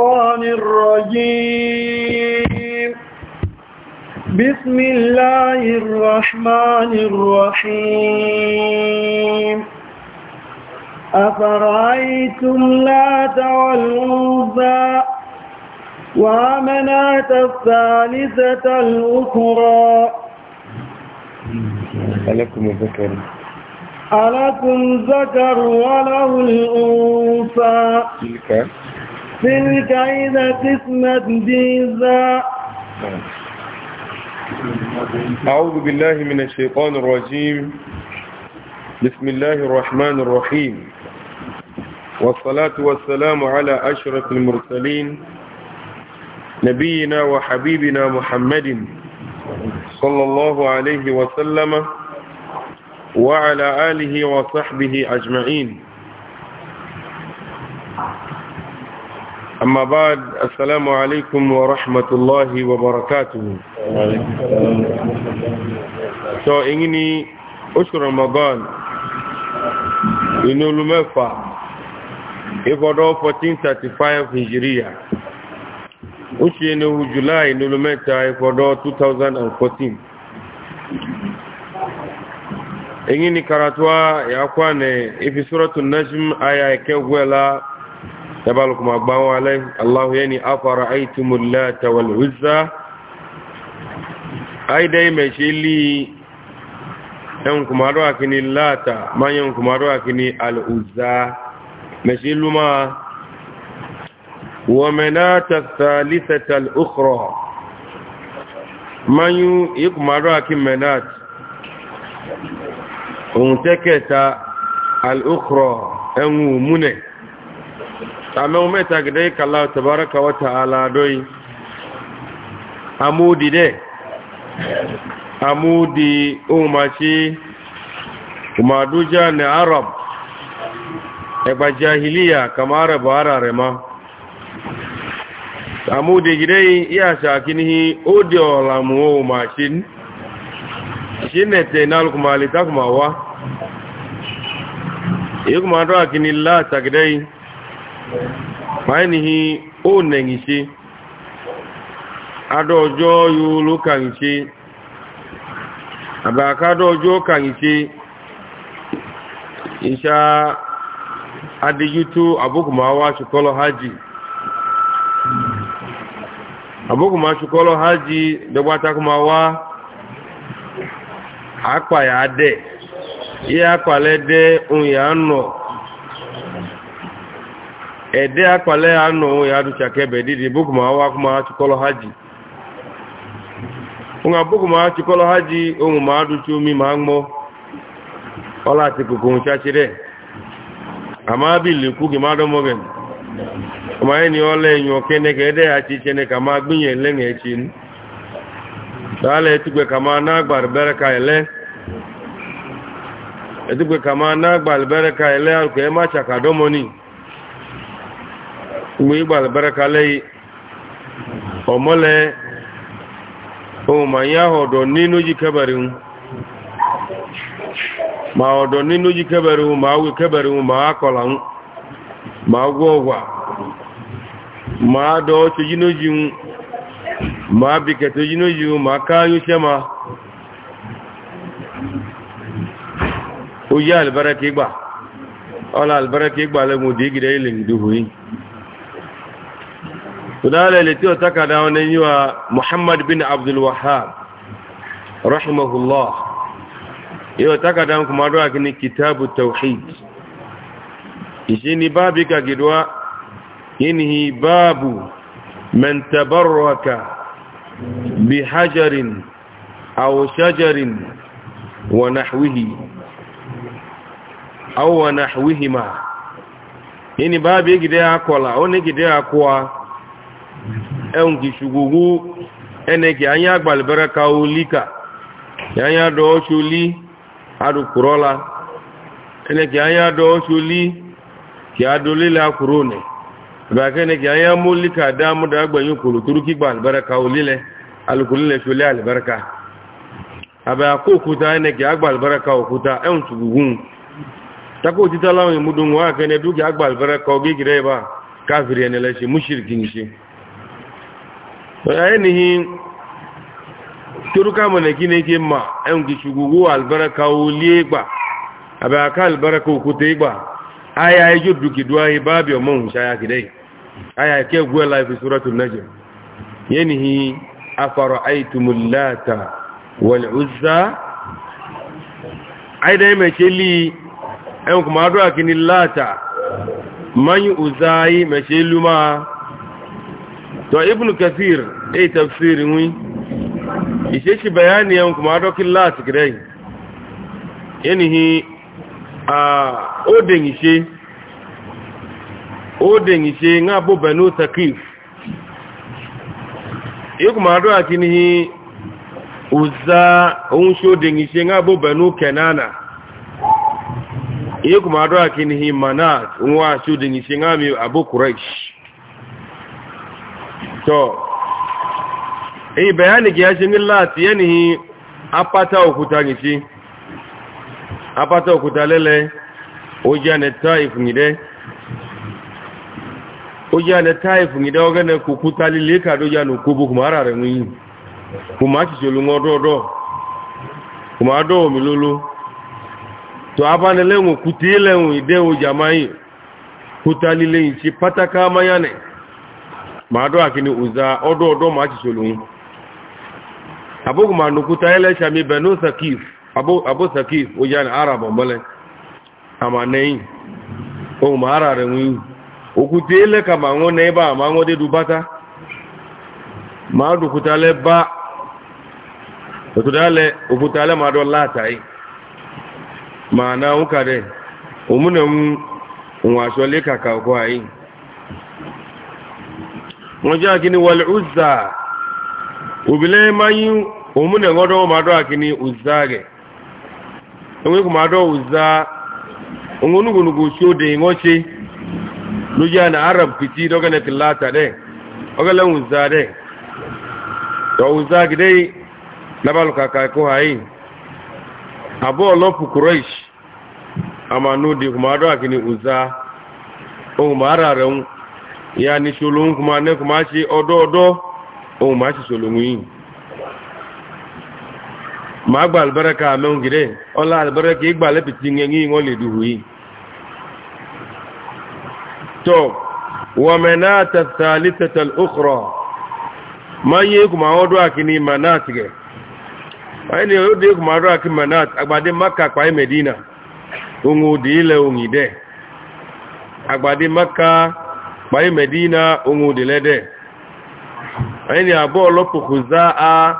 الشيطان الرجيم بسم الله الرحمن الرحيم أفرأيتم لات والعزى ومناة الثالثة الأخرى ألكم الذكر ألكم ذكر وله الأنثى تلك تلك إذا قسمت جيزا أعوذ بالله من الشيطان الرجيم بسم الله الرحمن الرحيم والصلاة والسلام على أشرف المرسلين نبينا وحبيبنا محمد صلى الله عليه وسلم وعلى آله وصحبه أجمعين أما بعد السلام عليكم ورحمة الله وبركاته so ingini oṣù ramadan inú olùmẹ́fà ìfọdọ́ 1435 nigeria oṣù ẹni ohun july inú olùmẹ́ta ìfọdọ́ 2014 ingini karatuwa ya kwane ifisúrọ̀tún najm aya ẹ̀kẹ́gbẹ́lá yabalku ma gban wa lai Allahu yani afara aitumul lata wal uzza ai dai me shi li en kuma do akini lata man yan kuma do akini al uzza me shi luma wa manata thalithata al ukhra man yu do akini manat un teketa al ukhra en mune kame umeta gidai kallahu tabaraka wa ta'ala doi amudi de amudi umachi umaduja ne arab eba jahiliya kamara bara rema amudi gidai iya shakinihi odio lamu umachin shinete nalukuma litakumawa ikumandwa kinilla tagidai fainihi o nengishe adọjọ yulu kangishe abaka adọjọ kangishe isha adiyutu abokumawa shukolo haji abukuma shukolo haji dogbatakumawa akpa ya ade ihe akpalede onye anọ. ede akpale ya nọ onwe ya dụcha ka ebe didi bụkụmawakụmachịkọlọ ha ji nwa bụkụmachịkọlọ ha ji onwe ma adụcha omi ma mụọ ọla tikuku nchachire ama bilikwu gị mmadụ mụgị ma anyị na ọla enyo kene ka ede ya chi chene ka ma gbinye ele na echi ala etukwe ka ma na agbaribere ka ele etukwe ka ma na agbaribere ka ele alụka emacha ka e domoni mgbe ịgba albaraka lei ọmọle ohun ya ọdọ nínú jí kẹbẹrẹ ma ọdọ nínú jí kẹbẹrẹ ma wí kẹbẹrẹ ma akọla hun ma gwọ ma dọ ọchọ jí nójí ma bikẹtọ jí ma ma ó yá lẹ́gbùn ilẹ̀ ìdúhù tunale letio taka daonenyiwa muhammad bin abdul wahhab rahimahullah iyo taka dan kuma do akini kitabu tauhid ishini babi ka gidwa inhi babu man tabarraka bihajarin aw shajarin wa nahwihi aw wa nahwihima ini babi gidya akola oni gidya akwa ẹ̀hùn kì ṣùgbogbo ẹnẹ̀kì anyá agbàlẹ̀bẹ̀rẹ̀ ka olí kà lika dọ̀ ọ́ṣolí adùkùrọ́la ẹnẹ̀kì anyá dọ̀ ọ́ṣolí kì adolélẹ̀ akùrò nẹ̀ ìbàkẹ́ ẹnẹ̀kì anyá mólí kà dámúdà agbẹ̀yìn kòlò torúkí gbàlẹ̀bẹ̀rẹ̀ ka olílẹ̀ alùkùlílẹ̀ ṣolí àlẹ̀bẹ̀rẹ̀ àbẹ̀ àkó òkúta ẹnẹ̀kì agbàlùbẹ́rẹ́ka òkúta ẹ̀hùn ṣùgbùgbùn takó òtítà ainihin turuka mana gine ke ma yan gishugugu albaraka wuliye gba abu aka albaraka okuta gba aya yi jirdu giduwa yi babi ọmọ hunsa ya gidai aya ke guwa laifin suratun najim yanihi a fara aitumulata wal'uzza aida yi mai sheli yan kuma aduwa kini lata manyi uzayi mai shelu ma to ibn kathir ai eh, tafsirin wi ishe shi bayani yan kuma dokin lati gidai yanihi a odin ishe odin ishe nga bu banu takif yi kuma do akinihi uzza ohun shi odin ishe nga bu banu kenana yi kuma do akinihi manat ohun wa shi odin ishe nga mi abu quraish to eh bayani ki ya shi millati yanihi apata okuta ni shi apata okuta lele o je ne taif ni de o je ne taif ni de o gane kukuta lile ka do ya no kubu kuma rare mu yi kuma ki jolu ma dọ́ àkíní òzá ọdọ́ ọdọ́ ma ṣiṣẹ́ lóhun a nùkúta ẹlẹ́ṣà mi bẹ̀nú sakif abó sakif ó yá ní ara bọ̀mọ́lẹ̀ àmà ohun ma ara rẹ̀ wọ́n yìí òkúta ẹlẹ́ka ma wọ́n nẹ́ bá àmà wọ́n dédú bátá ma nùkúta bá ma dọ́ látàí ma náà ń kàdẹ̀ ń wọ́n aṣọ lé kàkà ọkọ̀ wọ́n jẹ́ àkíní wọlé uzza òbílẹ̀ mayi òmúnà ọdọ́ wọn máa dọ́ àkíní uzza rẹ̀ ẹwọ́n kò máa dọ́ uzza òun tí ó dè wọ́n ṣe ló àná arab kìtì dọ́gẹ́nẹ̀ ti láta dẹ̀ ọgẹ́lẹ̀ uzza dẹ̀ tọ́ uzza gidẹ́ lábàlù kàkà kó hayi àbọ̀ ọlọ́pù kúrẹ́ṣ àmànú di kò ya ni ṣolóhun kuma ní kuma ṣe ọdọ́ọdọ́ ohun ma ṣe ṣolóhun yìí ma gba albaraka mẹ́un gidẹ́ ọlá albaraka igba lẹ́pìtì yẹn wọ́n lè dùhù yìí tọ́ wà mẹ́nà ma yí kuma manat gẹ̀ ẹni medina ohun òdì ilẹ̀ ohun ìdẹ́ kpayi medina ohun delede ayi ni abo olopo huza a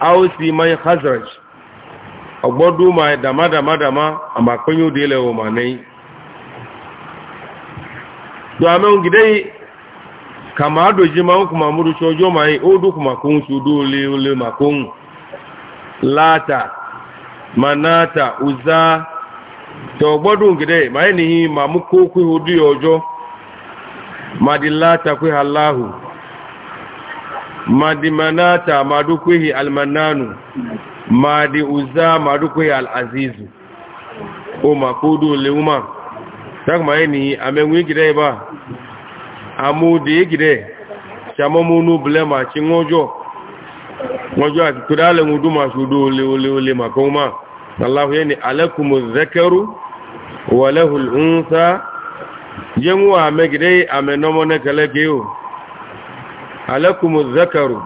ausi mai hazard ogbodu ma dama dama dama ama kwenye dele o ma nei do ame ngidei kama adoji ma kuma muru chojo mai odu kuma kun su do le ole ma kun lata manata uza to ogbodu ngidei mai ni ma mu ko ku odu ojo madi lata kwiha allahu madi manata madu kwihi almananu madi uza madu kwihi alazizu o makudu leuma tak ma ni amenwi gide ba amudi gide chamomunu blema chingojo ngojo akudale nguduma shudu ole ole ole makoma allah yani alakumuz zakaru wa lahul untha jenwu a megide amenomone kele ke o alakumu zakaru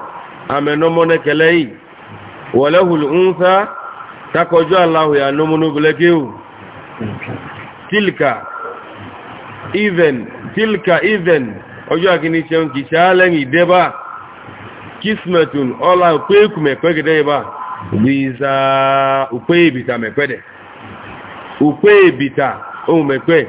amenomone kele yi walahul unsa takojo allahu ya nomonu bile ke o tilka even tilka even ojo akini seun ki salen ideba kismetun ola pe kume pe gide iba biza upe ibita mepede upe ibita o mepe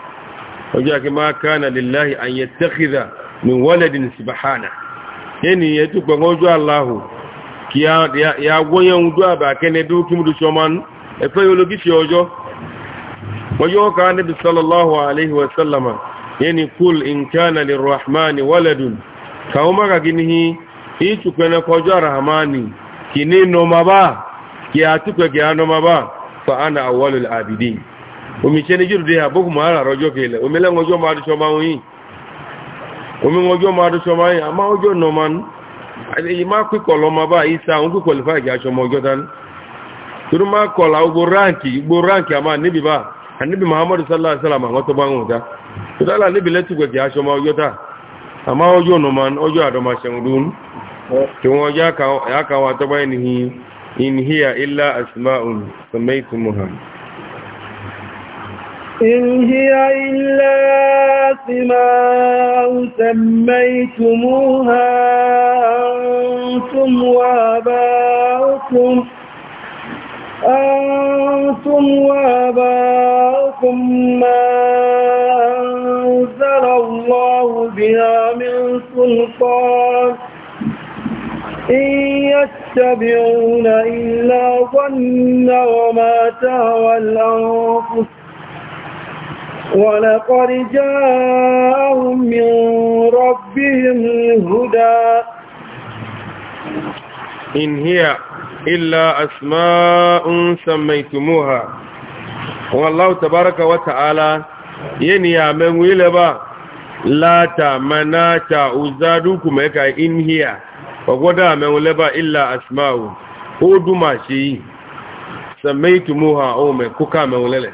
ọjọ́ akẹ́ máa kánà lèláhì àyẹ tẹ́kìdà ní wọ́lẹ̀dìn síbáhánà yẹni yẹ tó pẹ̀lú ọjọ́ aláhù kí ya wọ́yẹun dó àbà kẹ́nẹ́ dó kí múdù ṣọmánú ẹ̀fẹ́ ológíṣì ọjọ́ ọjọ́ ọkà níbi sallallahu alaihi wasallama yẹni kúl ìǹkánà lè rahmani wọ́lẹ̀dìn kàwọn maka kí ni yìí tukẹ̀nẹ́ kọjọ́ rahmani kì ní nọmaba kì á abidin omiṣẹ́ ní jírùdé àbókù máa rà rọjọ́ kèlẹ̀ omílẹ̀ ọjọ́ máa dúṣọ́ máa ń omi ọjọ́ máa dúṣọ́ máa ń yìn àmá ọjọ́ nọ ma ń ma ba ìsá òun pípọ̀ lè fàájì aṣọ ọmọ ọjọ́ dání torí máa kọ̀lá gbogbo ráǹkì muhammadu sallallahu alaihi wasallam ma ń ọjọ́ àdọ́mà ṣẹ̀wọ̀n tí إن هي إلا أسماء سميتموها أنتم وآباؤكم أنتم وآباؤكم ما أنزل الله بها من سلطان إن يتبعون إلا ظن وما تهوى الأنفس ولقد جاءهم من ربهم الهدى إن هي إلا أسماء سميتموها والله تبارك وتعالى ينيا من ويلبا láta manata uzaduku mẹ́ka inhiya ọgbọ́dá mẹ́rin lẹ́bà ilá asmáwò ó dúmà ṣe yìí sàmẹ́ìtùmọ́ ha ohun mẹ́ kúkà mẹ́rin lẹ́lẹ̀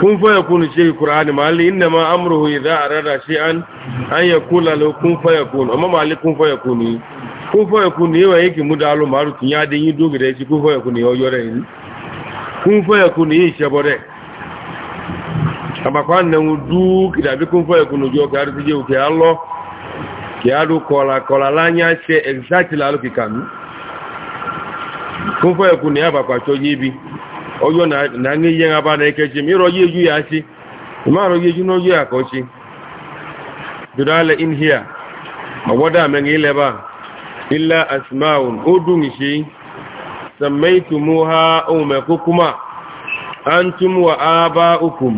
kun fa yakunu shi qur'ani malli inna ma amruhu idha arada shay'an an yakula lahu kun fa yakun amma malli kun fa yakuni kun fa yakuni yawa yake mudalu maru tinya de yin dogi da shi kun fa yakuni yo re ni kun fa yakuni yi shebore abakwan na wudu kida bi kun fa yakunu jo ka ri je uke allo ki adu kola kola lanya she exactly alu kikanu kun fa yakuni abakwa cho yibi ọjọ́ na ní yẹn abá na ẹkẹ́ ṣe mírọ yé yú ya ṣe ìmáàrọ̀ yé yú náà yé àkọ́ ṣe dùdálẹ̀ in here àwọ́dà mẹ́rin ilẹ̀ bá ilẹ̀ asmaun ó dùn ṣe sàmẹ́tù mú ha ohun mẹ́kó kúmà an tún wà á bá okùn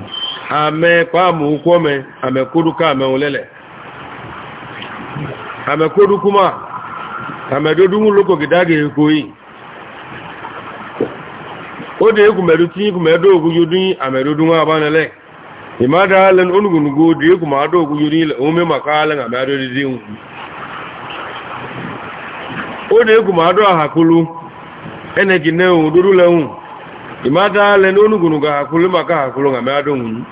àmẹ́ pàmù kọ́mẹ́ àmẹ́kódúkà mẹ́rin lẹ́lẹ̀ àmẹ́kódúkúmà àmẹ́dódún lókòkè dágẹ̀ èkó yìí o de egwu mere tinye igwu ma edo ogwu yori amerudu nwa abanele imada alen ma ado ogwu ome maka alen ameruridi nwu o de ahakulu enegi ne o dorule ohun imada alen ahakulu maka ahakulu amerado nwu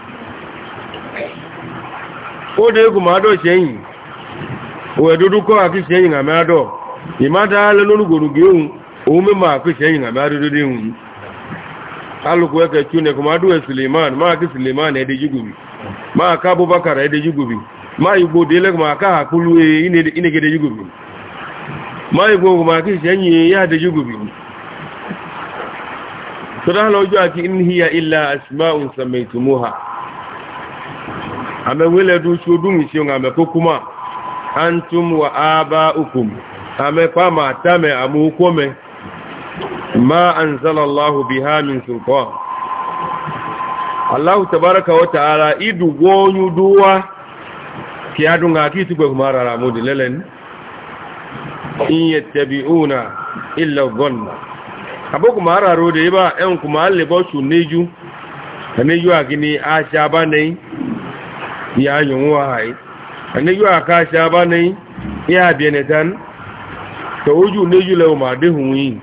ma seyin o edodu ko aki seyin amerado imada alen ohun ome alùkù ẹkẹ̀ tí ó nẹ̀kù máa dúwẹ̀ suleiman máa suleiman ẹ̀dẹ̀ jígùbì máa ká bóbákàrà ẹ̀dẹ̀ jígùbì máa igbó hakulu máa ká gede inégédé jígùbì máa igbó máa kí ya yáàdẹ̀ jígùbì sọ́dáhàn ọjọ́ àti inhiya ilá asma'un samaitumuha àmẹ́wẹ́lẹ́dún ṣodún ìṣẹ́un àmẹ́kókúmà antum wa aba ukum ma anzalallahu biha min sultan Allahu tabaraka wa ta'ala idu wonyu duwa ki adunga ki tugwe kumara ramudi lelen in yattabi'una illa dhanna abo kumara rode ba en kumalle bo suniju aneju akini ashaba nei ya yunwa hai aneju akashaba nei ya bienetan to uju neju lewo madehun yin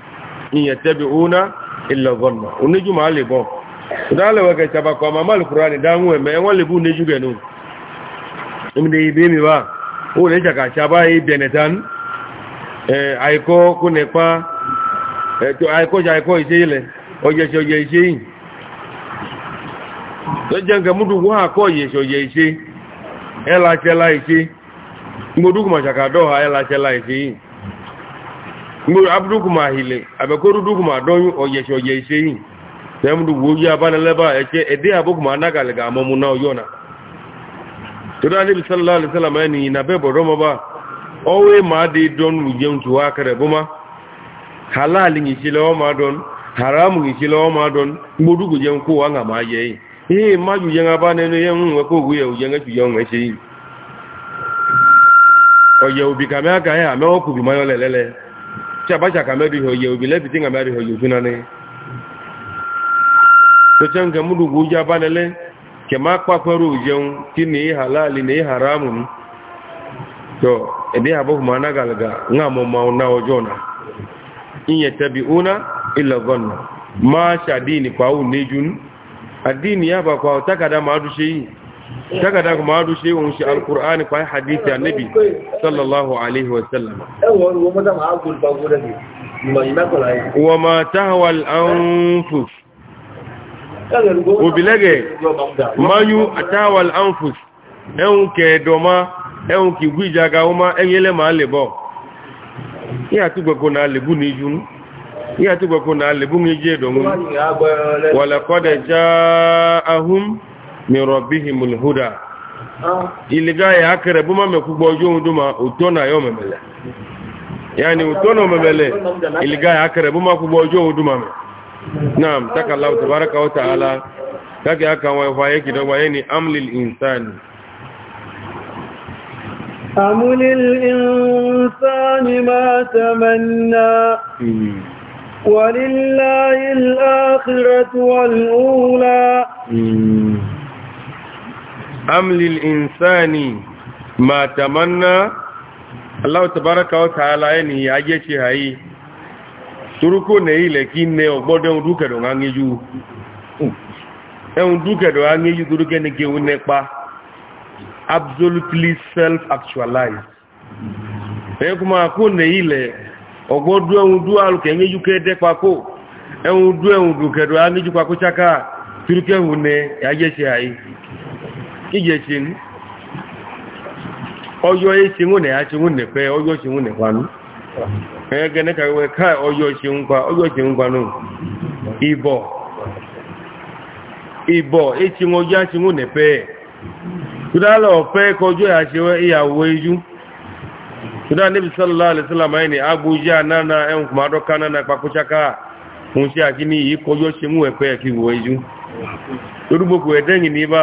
yattabi'una illa dhanna oneju ma le bon dale wa ke chaba ko ma mal qur'an da mu me won le bu neju ge nu imde ibe mi ba o le chaka e e, aiko kune e, aiko ja aiko ise ile oje se oje ise yin mudu wa ko ha ela chela ise yin mgboro abụdukwu ma hile abịakorudukwu ma donyu oyechi oye ise yi na mdu woji abanaleba eche ede abụkwu ma anagali ga amụmụ na oyona tora anabi sallallahu alaihi wasallam na be owe ma de don mu je ntu wa buma halal ma don haram ni chile o ma don ne no nwe ko u ju se oye obi ya me o ku tí a bá ṣàkàmẹ́rù ìhọ̀yẹ̀ òbí lẹ́bí tí ń àmẹ́rù ìhọ̀yẹ̀ òfin náà ni tó tẹ́ ń gẹmúlù gbójú abánilẹ́ kẹ máa pàpẹ́rù òjẹun kí ní ìhàláàlì ní ìhàráàmù ní tọ́ ẹ̀dẹ́ àbọ̀fùmọ́ anágàlgà ń àmọ́ ma ọ̀nà ọjọ́ náà ìyẹn tẹ́bi ọ̀nà ìlọ̀gọ́nà máa ṣàdí daga daga ma du shi won shi alqur'ani fa hadisi annabi sallallahu alaihi wa sallam wa ma tahwa al-anfus obilege mayu atawa al-anfus ehun ke doma ehun ki gwijaga uma eyele ma lebo iya tu gbogbo na lebu ni junu iya tu gbogbo na lebu ni je domun wa laqad ja'ahum min rabbihim alhuda iliga ya akere buma me ku gbojo nduma utona yo memele yani utona memele iliga ya akere buma ku gbojo nduma me naam taka allah tabaraka wa taala kake aka wa fa yake da wayani amlil insani amul insani ma tamanna ولله الآخرة والأولى am lil insani ma tamanna Allah tabaraka wa ta'ala yani ya je ci hayi turuko ne ile kinne ogbodo un duke do ngangeju e un duke do ngangeju duruke ne ke un pa absolutely self actualize e kuma ko ne ile ogbodo un du alu ke ngeju ke de pa ko e un du e un duke do ngangeju pa ko chaka turuke un ne ya je hayi ije chin oyo echi nwune ya chinwu nepe oyo chinwu nekwanu ee gene ka we ka oyo chinkwa oyo chinkwanu ibo ibo echi nwoyo ya chinwu nepe tudala ofe ka ojo ya chiwe iyawo e eju tuda nabi ẹ̀dẹ́yìn ní bá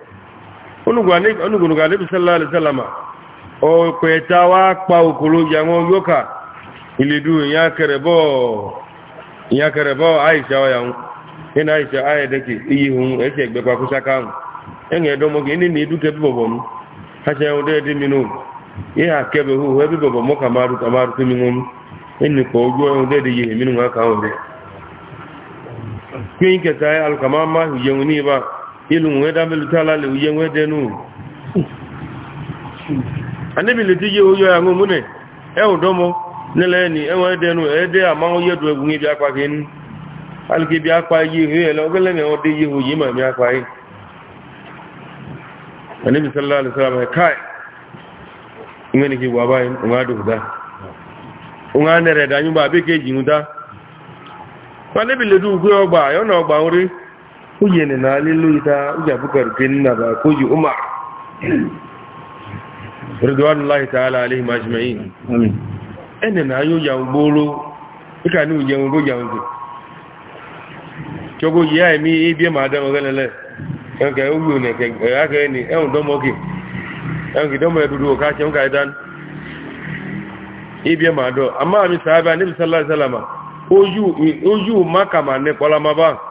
onugunuga alebi sallallahu alaihi wasallam o kweta wa pa okoro ya won yoka iledu ya kerebo ya kerebo aisha wa yan ina aisha aye deke iyi hun eke gbe pa kusaka hun enye do mo gini ni duke bibobo mu ase o de de minu kebe hu he bibobo kamaru kamaru kimi ngum eni ko ojo de minu de keta ba ilu nwe damelutala le uye nwe denu anibi le tije oyo ya ngo mune e odomo nele ni enwe denu ede ama oye du egun bi apa kin alike bi apa yi he lo gele me ode yi oyi ma mi apa yi anibi sallallahu alaihi wasallam kai ngene ki wa bai ngadu da unga nere da nyumba be keji nguda anibi le du gwe ogba yo na ogba nri ujene na alilu ita uja bukar kinna ba kuji umar ridwanullahi ta'ala alaihim ajma'in amin ene na yo ya uboro ika ni uje ngo ja ngo jogo ya mi ibi ma da ngelele nke uyu ne ke ya e, ke ni e ndo mo ki en ki do mo du ka che ngai dan ibi ma do amma mi sahaba ni sallallahu alaihi wasallam oju oju makama ne kola ma ba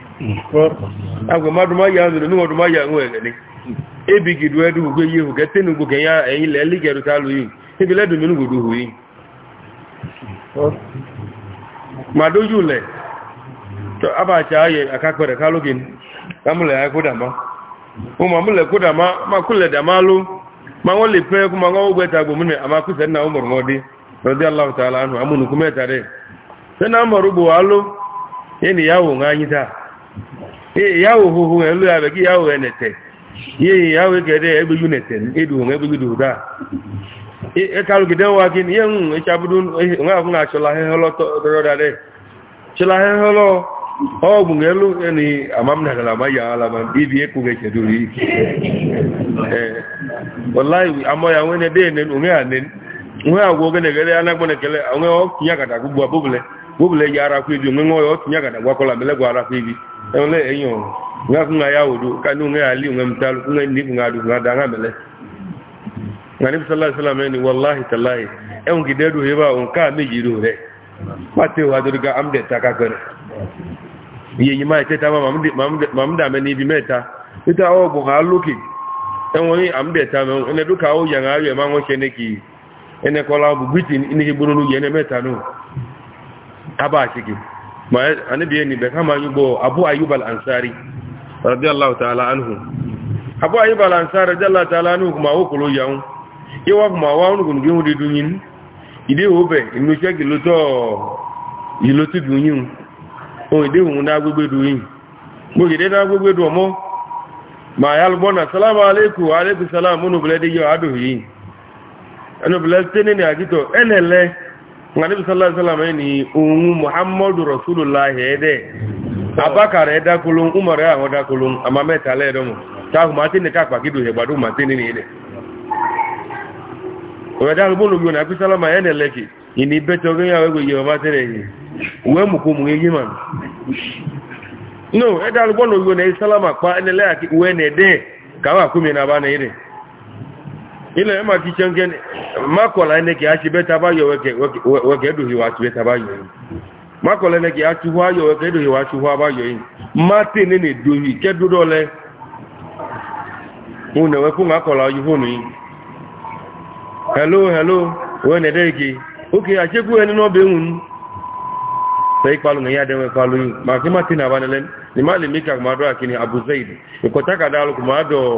agwe maduma ya ndu ni maduma ya ngwe ni ebigi duwe du gwe yihu ke tinu gwe ya eyi le li geru talu yi ebi le du mi ngudu hu yi madu jule to aba cha aye akakore kalu gin amule ya kuda ma o ma oh, mule kuda ma ma kule da malu ma wole pe ku ma ngwe gwe ta gwe mu ni ama ku se na umur ngodi radiyallahu ta'ala anhu amunu kumeta re sena maru bu alu yini yawo nganyi ta ee ya ohoho elu ya begi ya ohe ye ya ohe kede ebe yu nete edu onwe ebe gidu da ekalu gide wa gini ye hun mm, echabudu onwe eh, afun achola heholo doro da de chola heholo ogun elu eni amam na gala ma ya ala ma bibi eku ge chedu eh, de ne onwe anen onwe agwo gene gele ara ibi ara ẹ̀wọ̀n eh, e e, ya ẹ̀yìn ọ̀rọ̀ nga fún ayá òdo kánú nga àlì nga mìtàlù nga nífù nga àdùkù nga dà nga mẹ́lẹ́ nga nífù sálàsílà mẹ́ni wàláhì tàláhì ẹ̀wọ̀n kì dẹ́dù yẹ ta maa ó máa wọ́n kọ́lá ní mẹ́ta náà ma anabi ya nibe kama yubo abu ayyub al-ansari radiyallahu ta'ala anhu abu ayyub al-ansari radiyallahu ta'ala anhu kuma wo kolo yawo yewa kuma wa onu gun gun di dunyin ide wo be inu se gilo to ilo ti dunyin o ide hun na gbegbe dunyin mo ide na gbegbe du omo ma yal bona assalamu alaykum wa alaykum salam unu blede yo adu yi anu blede ni agito enele ngani sallallahu alaihi wasallam ni un muhammadu rasulullah hede abakar eda kulun umar ya ngoda kulun ama meta le do mu ta hu matini ka pa kidu he gbadu matini ni ile o da bu lu yona bi sallama ene leki ini beto ge ya we yo ma tere yi we mu ko mu ye man no eda lu bu lu yona sallama pa ene le aki we ne de ka wa kumi na ba ne ile ilẹ̀ ẹ̀mà kí ṣẹ́ńkẹ́ makọ̀lá ẹnẹ́kẹ́ a ṣe bẹ́ta bá yọ wẹ́kẹ́ ẹ̀dùnhìwà ṣe bẹ́ta bá yọ yìí makọ̀lá ẹnẹ́kẹ́ a ṣuhu ayọ wẹ́kẹ́ ẹ̀dùnhìwà ṣuhu bá yọ yìí má tè ní ní dòhì kẹ́dúdọ́lẹ́ mo nà wẹ́kú makọ̀lá ọyún fóònù yìí hello hello wọ́n nẹ̀ dẹ́ẹ̀kẹ́ ok àṣekú ẹni náà bẹ́ẹ̀ hùn fẹ́ ipalu nìyá dẹ́wọ̀n ipalu yìí màkì má tè ní abanilẹ́ ni má lè mí kàkùmá dọ́ àkíní àbúzẹ́ ìdí ìkọ̀tàkàdá alùpùpù má dọ̀ọ́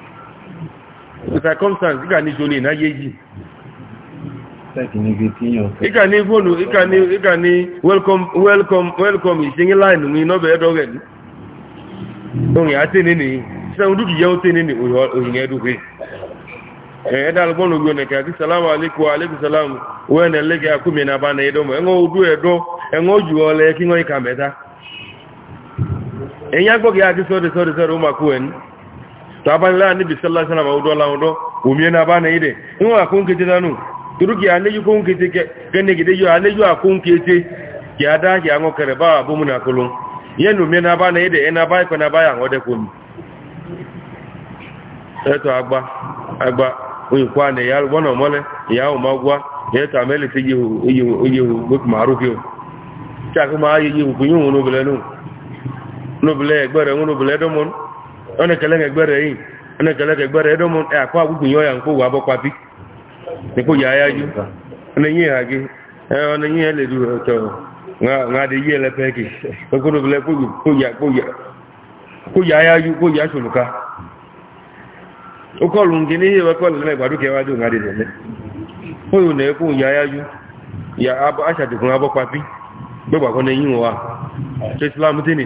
The circumstance ìkà ní ṣoní ìná yéjì ìkà ní fóònù ìkà ní ìkà ní welcome welcome welcome ìṣẹ́yìn láìnù ní nọ́bẹ̀ ẹ̀dọ́gẹ̀ orin àti nínú sẹ́wọ́n dúkì yẹ́ ó tẹ́ nínú òyìn ẹ̀dùgbé ẹ̀ẹ́dà alùgbọ́n ògbò nẹ̀kẹ́ àti sàlámù alékò alékò sàlámù wẹ́n ẹ̀lẹ́gẹ̀ akúmi nàbà nà ẹ̀dọ́mọ̀ ẹ̀wọ́n odú ẹ̀dọ́ ẹ̀wọ́n jù ọlẹ́ kí wọ́n ìkà mẹ́ta ẹ̀yìn agbọ́gẹ̀ àti sọ́dẹ̀ sọ́dẹ̀ sọ́dẹ̀ ó mà kú ẹni tabanla ni bisallah sana ma udola udo umie na bana ide inwa akun kete danu turuki aneju kun kete ke kene gide yo aneju akun kete ki ada ki ango kere ba abu muna kulun yenu aba na bana ide e na ba ko na bai ango de kun eto agba agba oyin kwa ne ya wono mole ya o magwa ya ta mele yi yi yi buk marufi o ta kuma yi yi ọ̀nà kẹlẹ́kẹ̀ gbẹ́rẹ̀ yìí ọ̀nà kẹlẹ́kẹ̀ gbẹ́rẹ̀ ẹ̀dọ́mọ ẹ̀kọ́ àgbùgbù yọ ya ń kó wà bọ́ papí nípò yà áyájú ọ̀nà yìí àgé ọ̀nà yìí ẹ̀ lè du ọ̀tọ̀ ńlá de yí ẹlẹ́pẹ́ kì ọkọ̀lọ́bìlẹ̀ kó yà áyájú kó yà ṣòlùká ó kọlù ń gíní ìwẹ́ kọlù lẹ́mẹ̀ ìgbàdúkẹ́ wájú ńlá de lẹ́lẹ́ ó yóò nà ẹkùn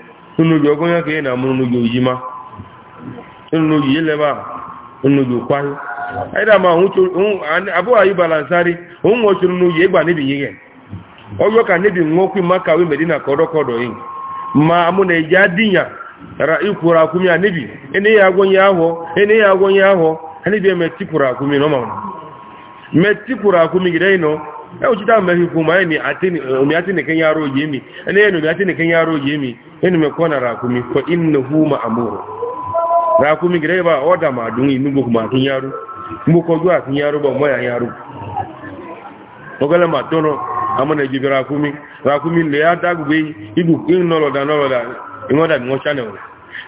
nnugi ogonya ka ị na-amụ nnugi ojima nnugi ileba nnugi kwaghị ịda ma abụghị anyị balansarị ụmụ ochuru nnugi ịgba n'ebi ihe ọjọọ ka n'ebi nwokwu maka we medina kọdọkọdọ yi ma amụ na eji adịnya tara ikwuru akwụmi a n'ebi ene ya ahụ ya ahụ akwụmi ma ya ni ati ni kenya arụ oji emi ene omi arụ oji emi inu me kona rakumi ko innahu ma'mur rakumi gire ba oda ma dun inu bu ma tin yaro mu ko ju atin yaro ba mo ya yaro ogala ma tono amana ji rakumi rakumi le ya dagu be ibu kin no loda no loda imo da mo channel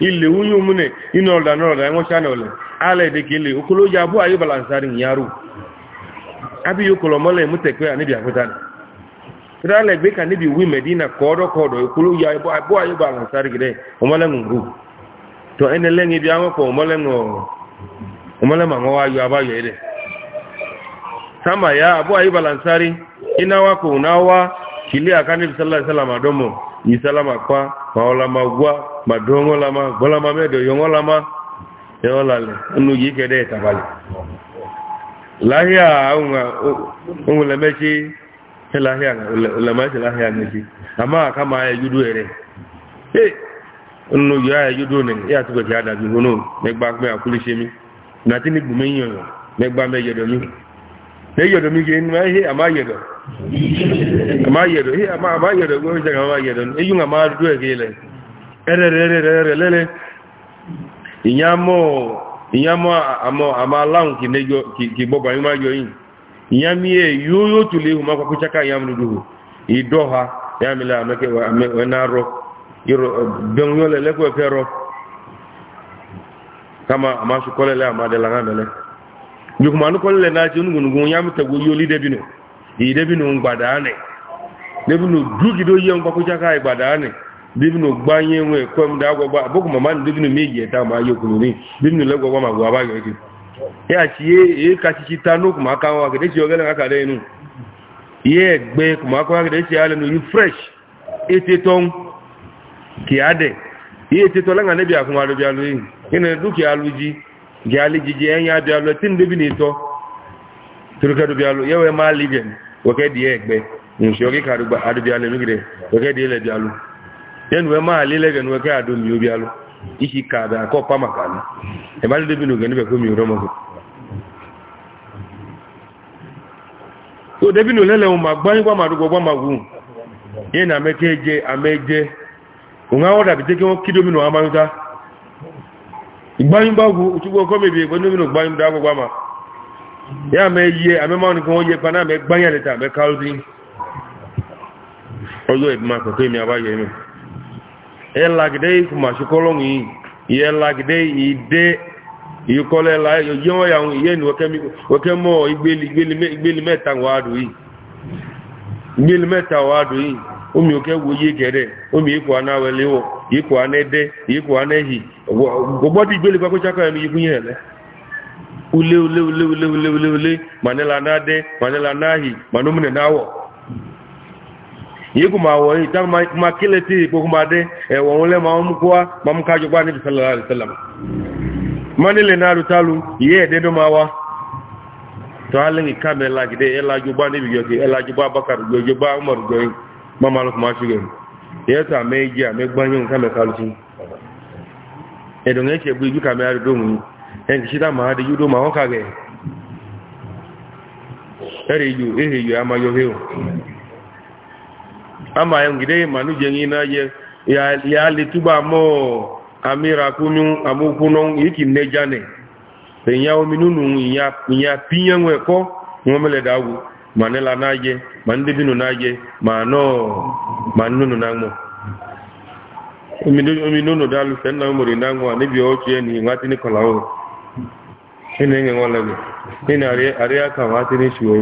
ile uyu mune ino loda no loda mo channel ale de kile ukulu ya bu ayu balansari yaro abi yukolo mole mutekwe ani bi akutana rale gbe ka bi wí medina kọ́ọ̀dọ̀ kọ́ọ̀dọ̀ ìkúrú ya abụọ abúwa yóò gị àwọn sáré gidẹ ọmọlẹ́mù rú tó ẹni lẹ́yìn ibi àwọn ọkọ̀ ọmọlẹ́mù àwọn ayọ ya abúwa yóò bá àwọn sáré iná wa kò náà ma kìlí àkánibí sálàmà pa màọ́lámà gbá màdọ́ngọ́lámà gbọ́lámà mẹ́dọ̀ yọngọ́lámà lahiya ulama shi lahiya ne shi amma kama ya judu ere eh nnu ya ya judu ne ya tuko ya da bi hono me gba me akuli se ni gbume ama yedo ama yedo he ama ama yedo e yu ama du e ge le ere re inyamo inyamo amo ama laun ki ne ñami ye yoyotuli humako kucaka yamluduhu i doha yamila make wenaro iro beŋyole lekuwe fero kama amasu kolele amade laŋamele jukumanu kolele naci nugunugu yami tegu yoli debino i debinu gbadane debinu dugido yen ko kucaka i gbadane debinu gbanyenwe komdagogba bokuma mani debinu mijeta ma yokununi debinu legogba magu abageti ya ci ye kachichi tanu kuma aka nwa gede ci ogele aka da inu ye gbe kuma aka gede ci ale nu fresh ete ton ki ade ye ete to langa ne bi akuma do bi alu du ki alu ji ki alijiji ji je enya bi alu tin de bi ni to ma li gen ke di ba adu bi nu gede wo ke di le bi alu we ke adu mi bi ishi kada ko pama kana e ba de binu gani be ko mi romo ko so de binu lele o ma gba yin kwa ma dugo gba ma wu ye na mekeje ameje o nga oda bi teke won kido binu amanta igba yin ba wu utugo ko mi bi ko binu gba da gba ma ya me ye ame ma ni ko ye pa me gba yin leta me kaldi ojo e ma ko ke mi abaye mi elagide kumachikolongi yelagide ide ikolela yewo ya yenu wekemi wekemo igbeli igbeli igbeli meta wadu yi igbeli meta wadu yi omi oke woye gere omi iku ana welewo iku ana ede iku ana ehi gbogbo di igbeli gbagbo chako emi iku yin ele ule ule ule ule ule ule ule manela nade manela nahi ahi manomune na awo yìí kò máa wọ̀nyí tá máa kílẹ̀ tí ìpò kò máa dé ẹ̀wọ̀n òun lẹ́ máa ń kó wá máa mú kájọ bá níbi sálàlá àdìsálàm má nílẹ̀ náà lùtálù yìí ẹ̀dẹ́ ló máa wá tó á lẹ́yìn kámẹ́ lágídé ẹ̀lájú bá níbi yọkì ẹ̀lájú bá bákàrù jọjọ bá ọmọdù ama ngide manu jengi na ye ya ya lituba mo amira kunu amukunu iki nejane penya ominunu ya ya pinyanwe ko ngomele dawu manela naje mandibinu naje mano manunu nangmo ominunu dalu senna umuri nangmo ni bi oche ni ngati ni kolao ene ngolege ene ari ari aka ngati ni shuwe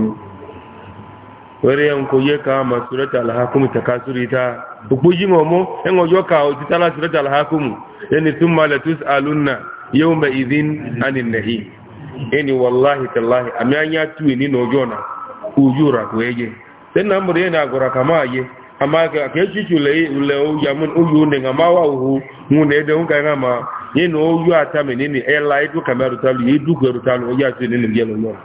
were ya nkwo ye ka ma surata alhakum takasurita ukpuji ngomo engo yoka utitala surata alhakum yani thumma la tusaluna yawma idhin anin nahi yani wallahi tallahi amyanya tuini no jona ujura kweje tena mbure yana agora kama ye ama ke chichu le le o yamun uyu ne ngama wa uhu ngune de unka ngama yenu uyu atame nini ela idu kameru talu idu kweru talu ya tuini ni ngelo no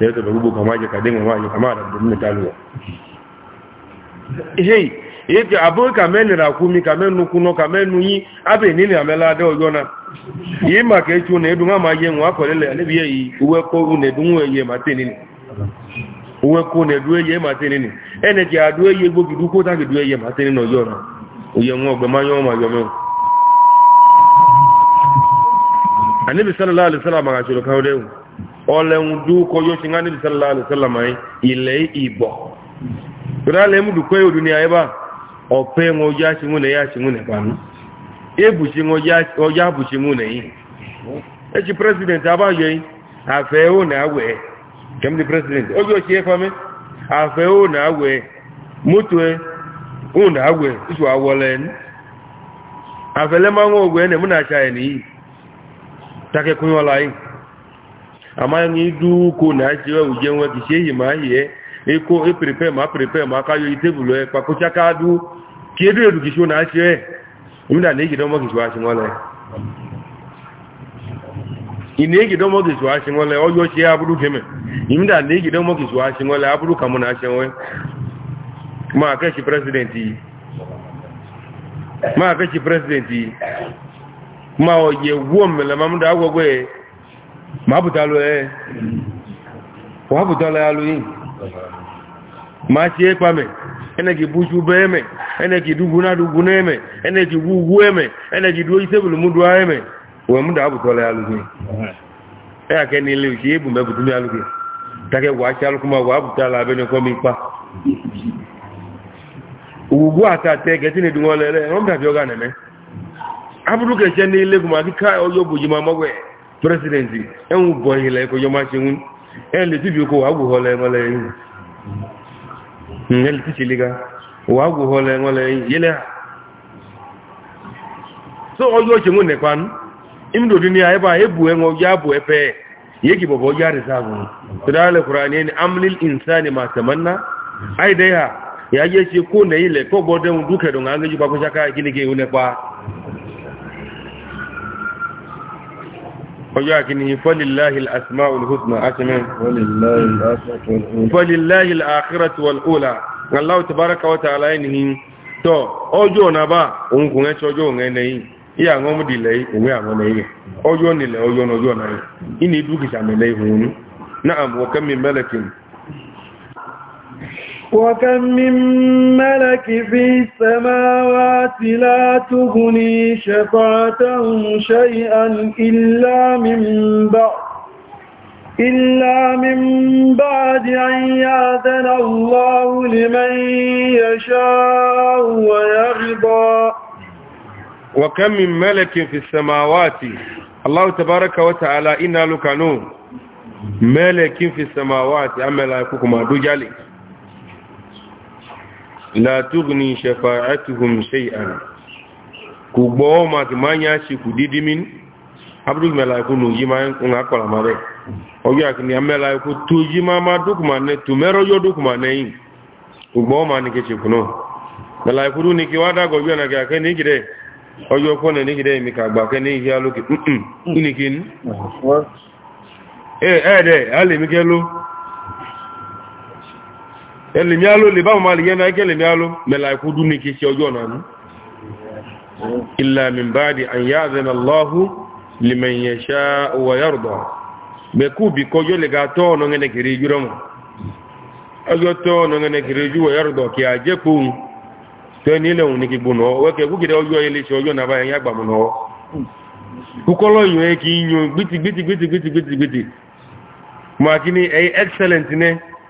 da ya taba rubu kama ji kama da domin taluwa hey yake abun kamen ra kumi kamen nukuno kamen nuyi abe nini amela de oyona yi ma ke chu ne dunga ma ye nwa kolele ne ne dunwe ye ma tenini uwe ko ne duwe ye ma tenini ene ti aduwe ye gbogi du ko ta ke duwe ye ma tenini oyona oye nwa ogbe ma yo ma yo me ga chulo kawo ọlẹ́hun dúkọ yóò ṣe ńgáni sallallahu alaihi wasallam ilẹ̀ ìbọ̀ rálẹ̀ mú dùkọ́ yóò dúní ayébá ọ̀pẹ́ wọn ṣe múnẹ̀ yá ṣe múnẹ̀ pàánú ébùṣe wọn yá bùṣe múnẹ̀ yìí ẹ ṣe president abáyọ yìí àfẹ́ ó nà áwẹ̀ ẹ̀ kẹ́mí president ó yóò ṣe é fami àfẹ́ ó nà áwẹ̀ ó nà áwẹ̀ ìṣù àwọlẹ̀ nà amaghị ko na ajiwe uje nwe gị chie ehi e hie eko prepare ma prepare ma aka yo tebụl e eh? kpakụcha ka du kedu erugichi na eh? na egide ọmọ gị achị nwale na-egide nwele abụrụ na abụrụ ka mụ na ma kechi prezidenti yi ma kechi prezidenti yi ma ọ ma ma bụtalụ ee wa bụtalụ ya alụghị ma chie kpame enegi buchu ube eme enegi dugwu na dugwu na eme enegi gwu ugwu eme enegi duo isebulu mụ dua eme wee mụ daa bụtalụ ya alụghị ya ke niile uche ebu mebụtụ ya alụghị take wa achi alụkụma wa bụtala abenyekọm ikpa ugwu ata ata ege ti na-edunwe ọlele ọ m dabi ọ ga na-eme abụrụ ka eche n'ile gụ ma gị ka onye ogboji ma magwe president enwu bụ onye ile ko yomachi nwu ele tibi ko wa guhole ngole yin ele tibi liga wa guhole ngole yin yele so oyo che nwu ne kwan imdo ya ba ebu enwo ya bu epe yegi bobo ya reserve tidale qur'ani ni amlil insani ma tamanna ai dai ha ya je ga ọjọ́ àkíní fọ́lìláhì al'asmá olùhùsùnà aṣemẹ́ fọ́lìláhì al'akírati wal'ula aláwọ̀ tàbáraka wata aláìníhìn tọ́ ọjọ́ na bá òun kùn ẹ́ṣọ́ ọjọ́ òun ẹnẹ́ yìí iya àwọn ọmọdé ilẹ̀ وكم من ملك في السماوات لا تغني شفاعتهم شيئا إلا من بعد إلا من بعد أن يأذن الله لمن يشاء ويرضى وكم من ملك في السماوات الله تبارك وتعالى إنا نور ملك في السماوات أما لا يكون ما la tughni shafa'atuhum shay'an ku gbo ma ti manya shi ku didimin abdul malaiku nu yima ku nga kola mare o ya kini amalaiku tu yima ma dukuma ne tu mero yo dukuma ne yin ku gbo ma ni ke chi kuno malaiku du ni ki wada go yo na ga ke ni gide o yo ko ne ni gide mi ka gba ke ni ya lo ki mm ni kin eh eh de ale mi ke lo ẹlẹ̀míálò lè bá wọn máa lè yẹn na kí ẹlẹ̀míálò mẹ́la ikú ní kí ṣe ọjọ́ náà ní ìlàmìbáàdì àyàzẹ̀nà lọ́hù lèmẹ̀yẹ̀ṣà kọjọ́ lè ga tọ́ ọ̀nà kí a ṣe ọjọ́ náà báyẹn yàgbà mọ́ náà kúkọ́lọ́ yìí ni excellent ní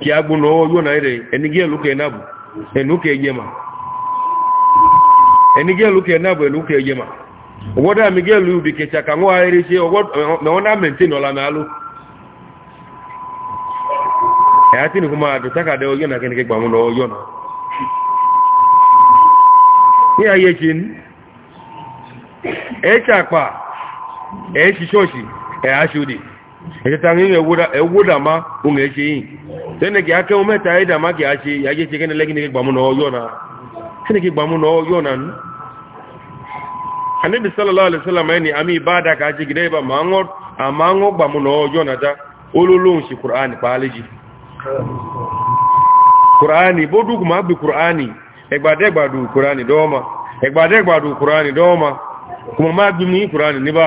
kí a gbóná yóò náà rẹ̀ ẹnigí ẹ̀lúkẹ̀ ẹ̀nàbù ẹ̀lúkẹ̀ ẹ̀yẹmà ẹnigí ẹ̀lúkẹ̀ ẹ̀nàbù ẹ̀lúkẹ̀ ẹ̀yẹmà ọgọ́dọ̀ àmìgí ẹ̀lú ibi kẹta kàwọn ayẹrẹ ṣe ọgọ́dọ̀ náà mẹ́ntẹ́ nọ́la náà ló ẹ̀yà tí nìkú máa dọ̀tákàdẹ ọjọ́ náà kẹ́nìkẹ́ gbàmú lọ ọjọ́ ẹ̀kẹta ní ẹwó dàmá ohun ẹ̀ṣe yìí tẹ́nẹ̀ kí akẹ́wọ́ mẹ́ta ẹ̀ dàmá kí a ṣe yàjẹ́ ṣe kẹ́nẹ̀ lẹ́gbẹ̀ẹ́ gbàmúnà ọyọ́nà kí gbàmúnà ọyọ́nà ní anabi sallallahu alaihi wasallam ẹni àmì ìbáadà kà á ṣe gidẹ́ ibà àmà ń gbàmúnà ọyọ́nà dá olólóhùn sí kùránì pàálẹ́jì kùránì bódúkù má gbé kùránì ẹgbàdẹ́gbàdù kùránì dọ́ọ́mà ẹgbàdẹ́gbàdù kùránì dọ́ọ́mà kùmọ̀ má gbé mi kùránì níbà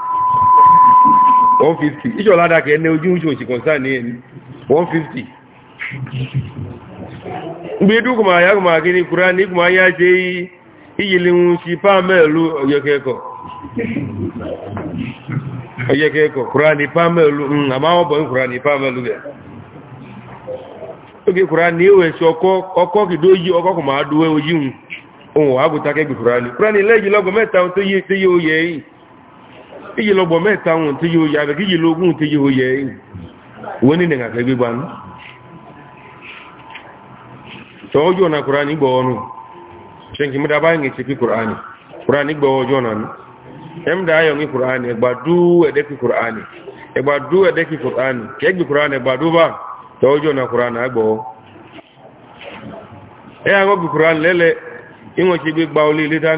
150 ìjọ ládàkì ẹni ojú oṣù òṣìkọ̀nsá ní ẹni 150 gbé dúkùnmà ayákùnmà kí ní kúrá ní iyi ayá jẹ́ ìyìlìun sí pàmẹ́lú ọjọ́kẹ́ẹ̀kọ́ kúrá ní pàmẹ́lú àmáwọ̀ bọ̀ ní kúrá ní pàmẹ́lú rẹ̀ oge kúrá ní ìwẹ̀ ọkọ ọkọ́ kìdó yí ọkọ́ kùnmà adúwẹ́ ojíun ohun àgùtà kẹ́gbì kúrá ní kúrá ní lẹ́jì lọ́gbọ̀ mẹ́ta tó yí oyẹ eyi. iji lọ́gbọ̀ mẹ́ta wọn tí yóò yára kí yí lógún tí yóò yẹ ẹ́ wọ́n ní nìyàn kẹ́ gbígbà ní ṣọ́ọ́jọ́ na kùrá ní gbọ́ọ̀ nù ṣẹ́kì mú dábá yìí ṣe fi kùrá ní kùrá ní gbọ́ọ̀ọ́jọ́ na ní ẹ̀mdà ayọ̀ ní kùrá ní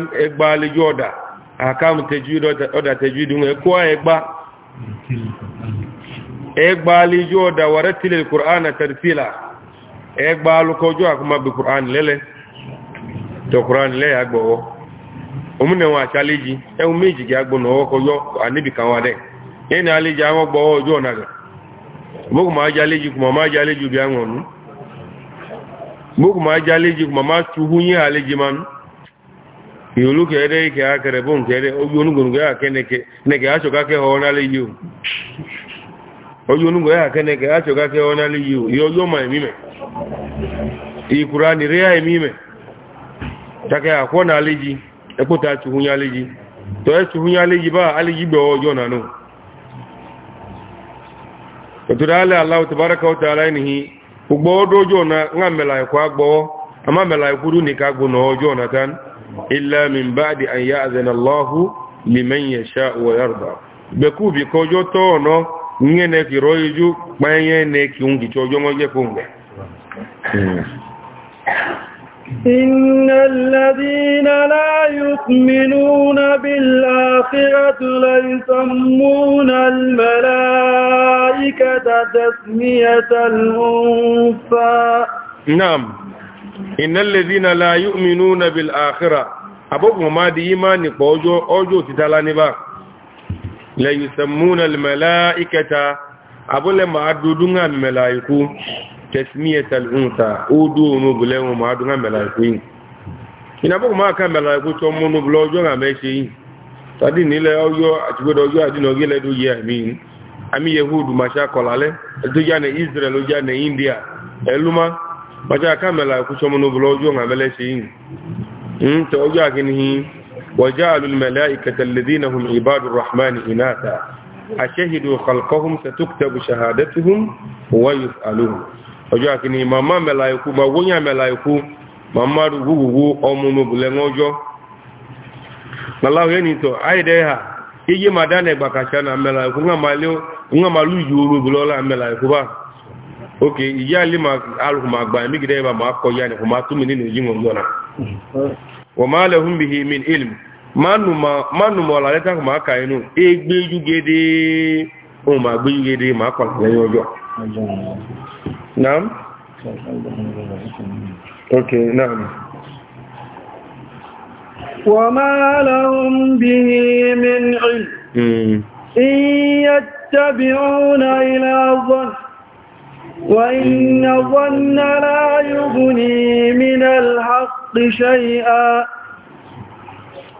ẹgbà dúú ẹ̀dẹ́ akam tejuido oda tejuido e kwa egba egba li joda waratil alquran tartila egba lu ko jo akuma bi quran lele to quran le agbo omune wa chaliji e o meji gi agbo no ko yo anibi kan wa de ina ali ja mo gbo ojo na ga mugu ma jaliji kuma ma jaliji bi anwo nu mugu ma jaliji kuma ma tuhunye aliji manu iolu ka ede ike akịrị bụ nke ede oyi onugbo ya keneke achọka ke hụ n'ala iyi oyi onugbo ya ma emime ikwuru anyị rie ya emime taka e akwọ na aliji aliji aliji na nụ ètòdá alẹ́ aláwọ̀ tó bára káwọ́ tààrà ẹnìyí gbogbo ọdọ́ ọjọ́ ọ̀nà ń àmẹ́lá ẹ̀kọ́ agbọ́wọ́ àmàmẹ́lá ẹ̀kúrú nìka gbọ́nà ọjọ́ ọ̀nà إلا من بعد أن يأذن الله لمن يشاء ويرضى بكو كوجو تونو نيني ki رويجو maye ne ki ungi chojo ngoje إن الذين لا يؤمنون بالآخرة ليسمون الملائكة تسمية الأنثى نعم innal ladhina la yu'minuna bil akhirah abogun ma di imani po ojo ojo titala ni ba la yusammuna al malaikata abule ma dudunga malaiku tasmiyat al unsa udu no bulengo ma dudunga malaiku ina bogun ma ka malaiku to munu blojo na meshi tadi ni le ojo ati godo ojo ati no gele amin ami yehudu masha kolale to israel o jane india eluma macha akamela kuchomo nubulo jo ngabele shi mm to ojo akinihi wajalu almalaikata alladhina hum ibadur rahmani inatha ashahidu khalqahum satuktabu shahadatuhum wa yusalun ojo akini mama malaiku magonya malaiku mama rugugu omunu bulengojo malau yani to aideha ije madane bakashana malaiku ngamalu ngamalu yuru bulola malaiku ba Ok, iji ali ma ma gba emegide ebe ma akọ ya nịkwụ ma atụmi nị na-eji nwe ngwọna wọma bihi min ilm manu ma ọla leta ma aka inu egbe yugede ụmụ ma gbe yugede ma akwala ya ọjọọ naam oke naam وما لهم به من علم إن وإن الظن لا يغني من الحق شيئا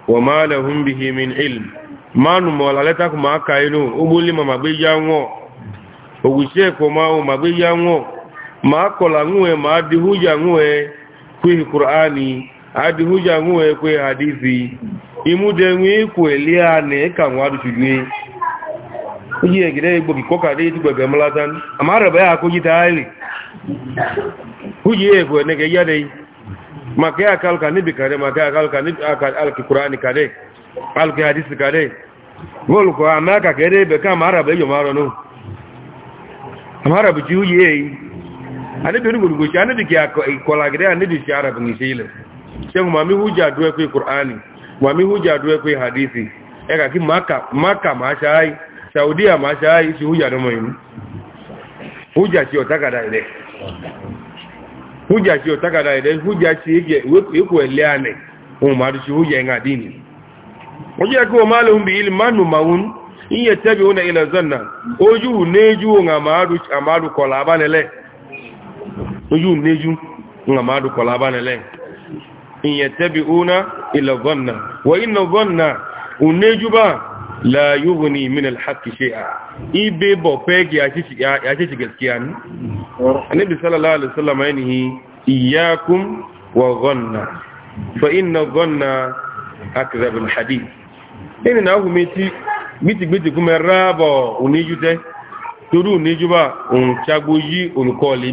وما لهم به من علم ما نمولا لتاك ما كاينو أبولي ما مبيجا ونو وغشيكو ما مبيجا ونو ما كولا نوه ما دهوجا نوه كوي قرآني adihuja nwe kwe hadithi imude nwe kweli ane kanwa duchujwe oyi egide egbo ki koka de tigbe be mlatan amara ba ya ko yi tayri oyi egbo ne ge yade make akal ka nibi kare make akal ka nibi akal al qur'ani kare al hadis kare gol ko amaka kere be ka amara ba yo maro no amara bu ji oyi ei ani bi rugo rugo ani bi ki akola gide ani bi shara bi ni sile shengu mami huja duwe ko qur'ani mami huja duwe ko hadisi eka ki maka maka saudia maisha hizi huja na muhimu huja sio taka daile huja sio taka daile huja sige yekueleane umarushi huja nga dini huja kwa malum bi ilmanu maun iye tabi una ila zanna oju neju nga maru oju neju nga iye una ila zanna wa zanna uneju ba la yughni min al-haqqi shay'a ibe bo pege ya ci ya ci gaskiya ne annabi sallallahu alaihi wasallam yanihi iyyakum wa ghanna fa inna ghanna akdhab al-hadith ina na hu miti miti gbiti kuma rabo uniju te toru uniju ba un chagbo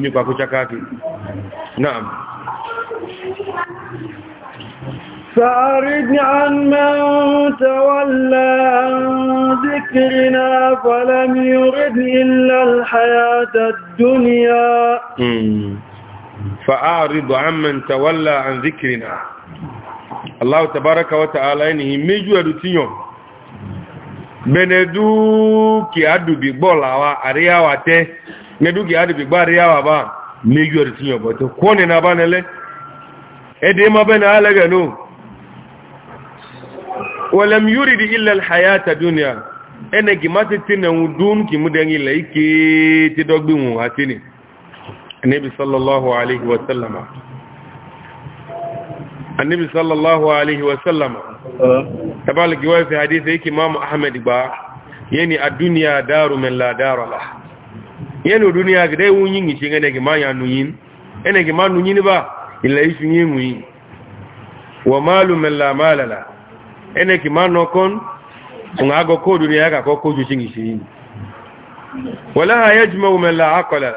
mi pa ko chakati na'am فأرد عن من تولى عن ذكرنا فلم يرد إلا الحياة الدنيا فأعرض عن من تولى عن ذكرنا الله تبارك وتعالى إنه ميجو أدوتيون بندو كي أدو بيقبولا وعريا واتي ندو كي أدو بيقبولا عريا وابا ميجو أدوتيون بوتو كوني نابان لي إدي ما بين آلغة walam yuridi illa alhayata dunya ene gimati tinan dun ki mudangi laike ti dogbi mu atini nabi sallallahu alaihi wa sallama annabi sallallahu alaihi wa sallama tabalaki wa fi hadithi yake imam ahmad ba yani ad-dunya daru min la dara la yani dunya ga wun yin shi ngane wa malu min la malala ene ki ma no kon nga go ko duniya ka ko ko ju singi si wala yajma man la aqala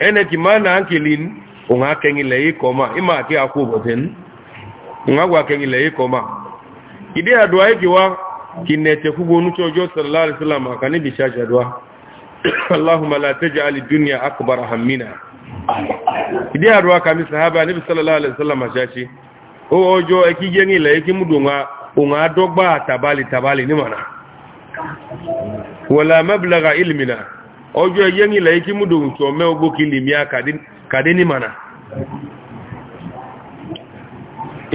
ene ki ma na ankilin nga kengi le ko ma ima ki aku boten nga gwa kengi le ko kinete kugo nu chojo sallallahu alaihi wasallam akani bi shaja adwa allahumma la taj'al ad akbar hammina ide adwa kami sahaba nabi sallallahu alaihi wasallam shachi o ojo ekigeni le ekimudu nga òun àdọ́gbà tàbálì tàbálì ní mọ̀nà wọ̀lá mẹ́bìlára ìlmìnà ọjọ́ ẹyẹ́ ní ikí múdò òǹtọ̀ mẹ́ogbó kí lè kàdé ní mọ̀nà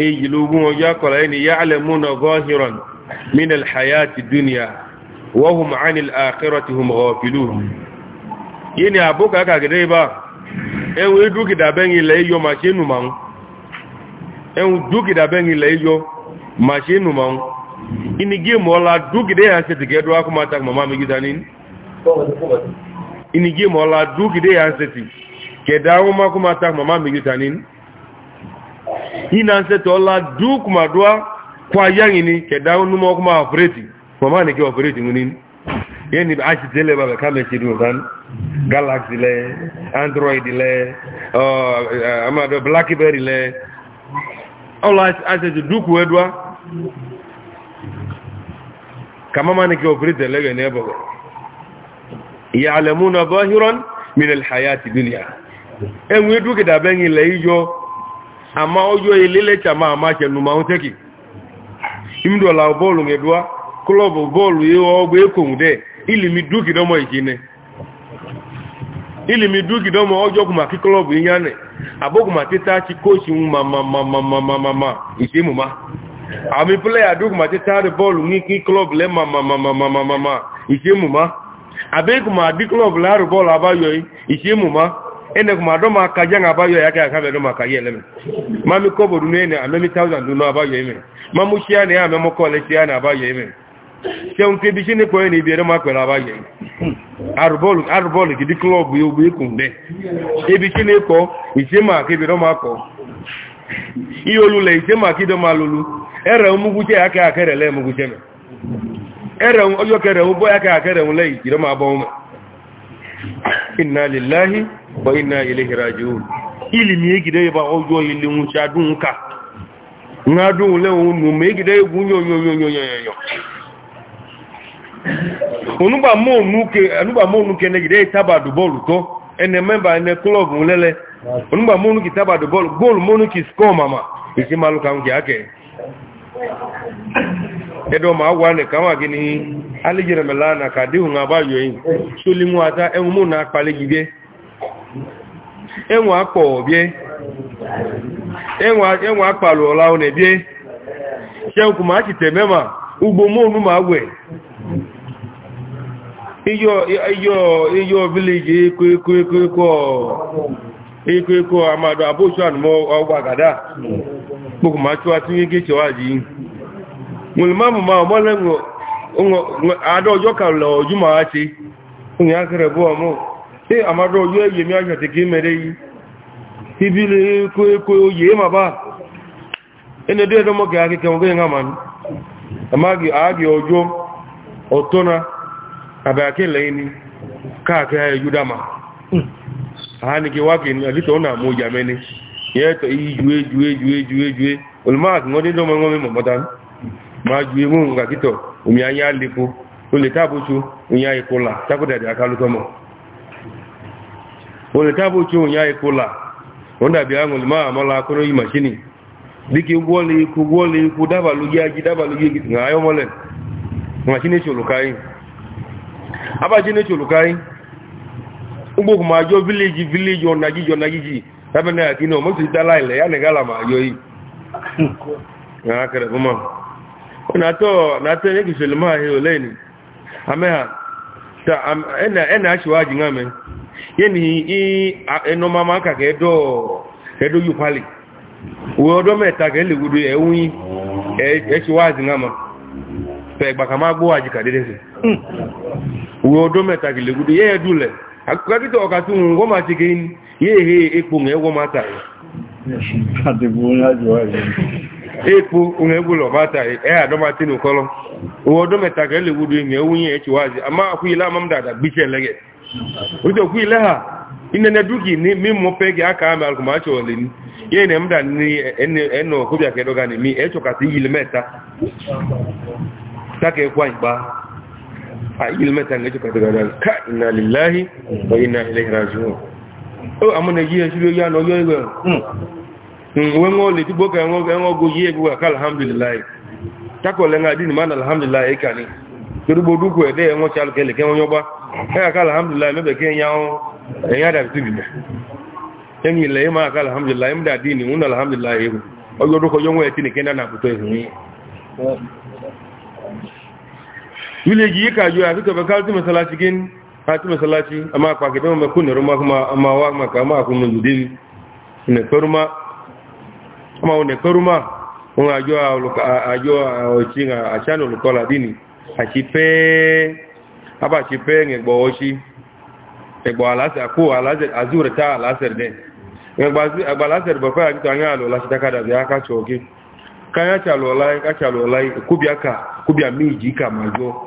èyí lógún ọjọ́ akọ̀lá ẹni yá alẹ́múnà gọ́ọ̀hìrán minal hayati duniya wọ́hùn anil aka dúkìdà bẹ́yìn ilẹ̀ mashi numan ini gi mola duk de ya seti gedo aku mata mama mi gidanin ini gi mola duk de ya seti kedawo ma kuma ta mama mi gidanin ina seti ola duk madwa kwa yangini kedawo numo kuma operate mama ne ki operate ngunin yeni ashi tele ba ka me chidu dan galaxy le android le uh, oh, eh, eh, amado blackberry le ola ashi duku edwa kama mani ke operate lege ne bogo ya'lamuna zahiran min alhayati dunya enwe duke da ile ijo ama ojo ilele chama ama ma unteki imdo la bolu ngedwa club bolu yo ogbe ili mi duki domo ijine ili mi duki domo ojo kuma ki club ma, ma, ma, ma, ma, ma, ma, ma. àmì pílẹ̀yà dúkùmà tí táàrí bọ́ọ̀lù ní kí klọ́bù lẹ́ mamamamamamama ìṣẹ́mùmá àbẹ́kùmà dí klọ́bù láàrù bọ́ọ̀lù àbáyọ̀ ìṣẹ́mùmá ẹnẹkùmà dọ́mà kajá àbáyọ̀ yàkẹ́ àkàbẹ̀ dọ́mà kajẹ́ ẹlẹ́mẹ̀ mami kọ́bù dúnú ẹni àmẹ́mí táwùsàn dúnú àbáyọ̀ ẹ̀mẹ̀ mamu ṣíà ní àmẹ́mọ́kọ́ lẹ́ ṣíà ní àbáyọ̀ ẹ̀mẹ̀ ṣẹun kébi ṣí nípa ẹni ibi ẹ̀rẹ́mà pẹ̀lú àbáyọ̀ àrùbọ́ọ̀lù gidi klọ́bù yóò gbé kùn dẹ́ ebi ṣí ní kọ́ ìṣẹ́mà kébi dọ́mà kọ́ iye olùlẹ̀ ìṣẹ́mà kí dọ́mà lulu ẹrẹ̀ omúgúté akẹ́ akẹ́rẹ̀ lẹ́múgúté mẹ́ ẹrẹ̀ na kẹrẹ̀ ó bọ́ akẹ́ akẹ́rẹ̀ ń lẹ́yìn ìrọ́ máa bọ́ mẹ́ iná lèláhí bọ́ iná ilé ìrajú ìlìmí ègìdẹ́ yẹba ọjọ́ ilé ń ṣadún mọ́nù tábàdù bọ́ọ̀lù mọ́nù skọ́ edo ma agwa ne kama gini alijira melana ka dihu nga ba yoyin so limu na akpale gige enwa akpo obie enwa enwa akpalu ola one bie se ku ma a, temema ugbo ma gwe iyo iyo iyo village ko eko eko amadu abosu anumọ ọgbà gàdá gbogbo ma tí wá tí yíké ṣe yìí mùlùmọ́mù ma ọmọlẹ́gbò àádọ́ ọjọ́ kàlọ̀ ọjọ́ ma á tí amadu ọjọ́ ma ẹni káàkiri ayé ahanike wake ni alito ona moja mene yeto iyi juwe juwe juwe juwe juwe ulmaa ngode do mango me ma juwe mu nga kito umya ya lipo ule tabuchu unya ikola takuda da kalu tomo ule tabuchu unya ikola onda bi angul ma mala kono yi machine biki gwole ku gwole ku daba lujaji daba lujaji chulukai aba jine chulukai ugbo kuma ajo village village ona jiji ona jiji tabe na kini o mo ti dala ile ya ne gala ma ajo yi na kare kuma na to na te ne ki sulma he o leni ameha ta am ena ena ashwa ji ngame yeni i eno mama ka ke do ke do yupali wo do meta ke le wudu e wi e ashwa e e e, ji ngama pe gba ka ma gbo aji ka dede se wo do meta ke le wudu ye dule akukakito ọkàtí òun wọ́n máa ti gẹ́ ní yéèhé epo ń ẹwọ́ máa tàí epo ń ẹgbò lọ máa tàí ẹ àdọ́mà tí nìkọ́lọ́ owó ọdún mẹ́ta gẹ́lẹ̀ wúdú ìmẹ̀ owó a máa kú ha inẹ́nẹ́ dúkì ní mímọ́ pẹ́gì aka àmì alùpùpù ọ̀lẹ́ ní yẹ́ ìnẹ̀ mdà ní mi a ilmata ga jika daga nan ka ina lillahi ga hmm. hmm, le dibo ka ngo ngo go yi egwa ka alhamdulillah tako le nga din man alhamdulillah e ka ni kiri bo du ko e de ngo chal kele ke ngo ba ka ka alhamdulillah me be ke nya o e ya da tu bi yangi e le ma ka alhamdulillah im da din un alhamdulillah e o yo ko yo e tin ke na na ko to e ni village yi kaju a suka baka tu masalaci gin a tu masalaci amma kwa ke bama kunna ruma kuma amma wa ma kama ku mun zudi ne karuma amma ne karuma on ajo a ajo a ochinga a chano lukola dini a chi pe aba chi pe nge gbo ochi e gbo alasa ku alasa azura ta alasa de nge gbo agba alasa de bako ya kitu anya lo la shitaka da ya ka choki kanya chalo lai ka chalo lai kubya ka kubya miji ka majo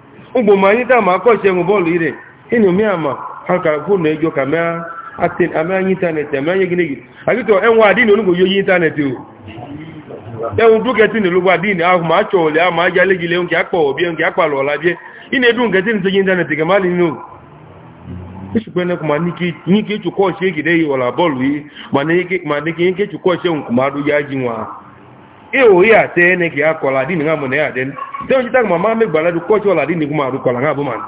ụgbọ ma anyị taa ma akọchi enwe bọọlụ ire ịnụ ama ma ka kwụ na ejo ka mee atin ame anyị intanetị ame anyị gịnị gị agịtọ enwe olugbo yoyi intanetị o enwu duketi ahụ ma a chọọ ahụ ma aja gile nke akpọ obie nke ọla bie ị na-edu ga n'ike ọchị ọla bọọlụ yi ma n'ike ọchị ewo ya a ne ki akola dini nga mona ya den te onji tak mama me gbala la nga bo man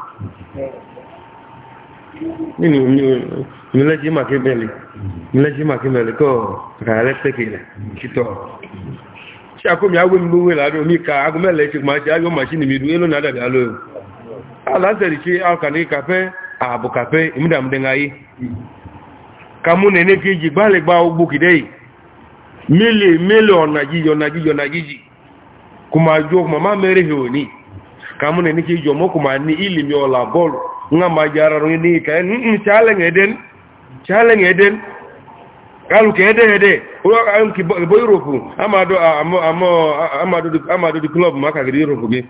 nini mi ma ke mele mi leji ma ke mele ko ka le te ke le si ako mi awo mi bo mi ka ago mele ti ma machine mi elo na da alo ala se ri ti ka fe abu ka kamu mele mele ona ji ona ji ona ji kuma jo mama mere he oni kamu ne niki jo mo kuma ni ili mi ola bol nga ma jara ro ni ka en en chale ngeden chale ngeden kalu ke de de ro ka en ki bo yoro fu amado amo amo amado di amado di club maka gidi ro fu bi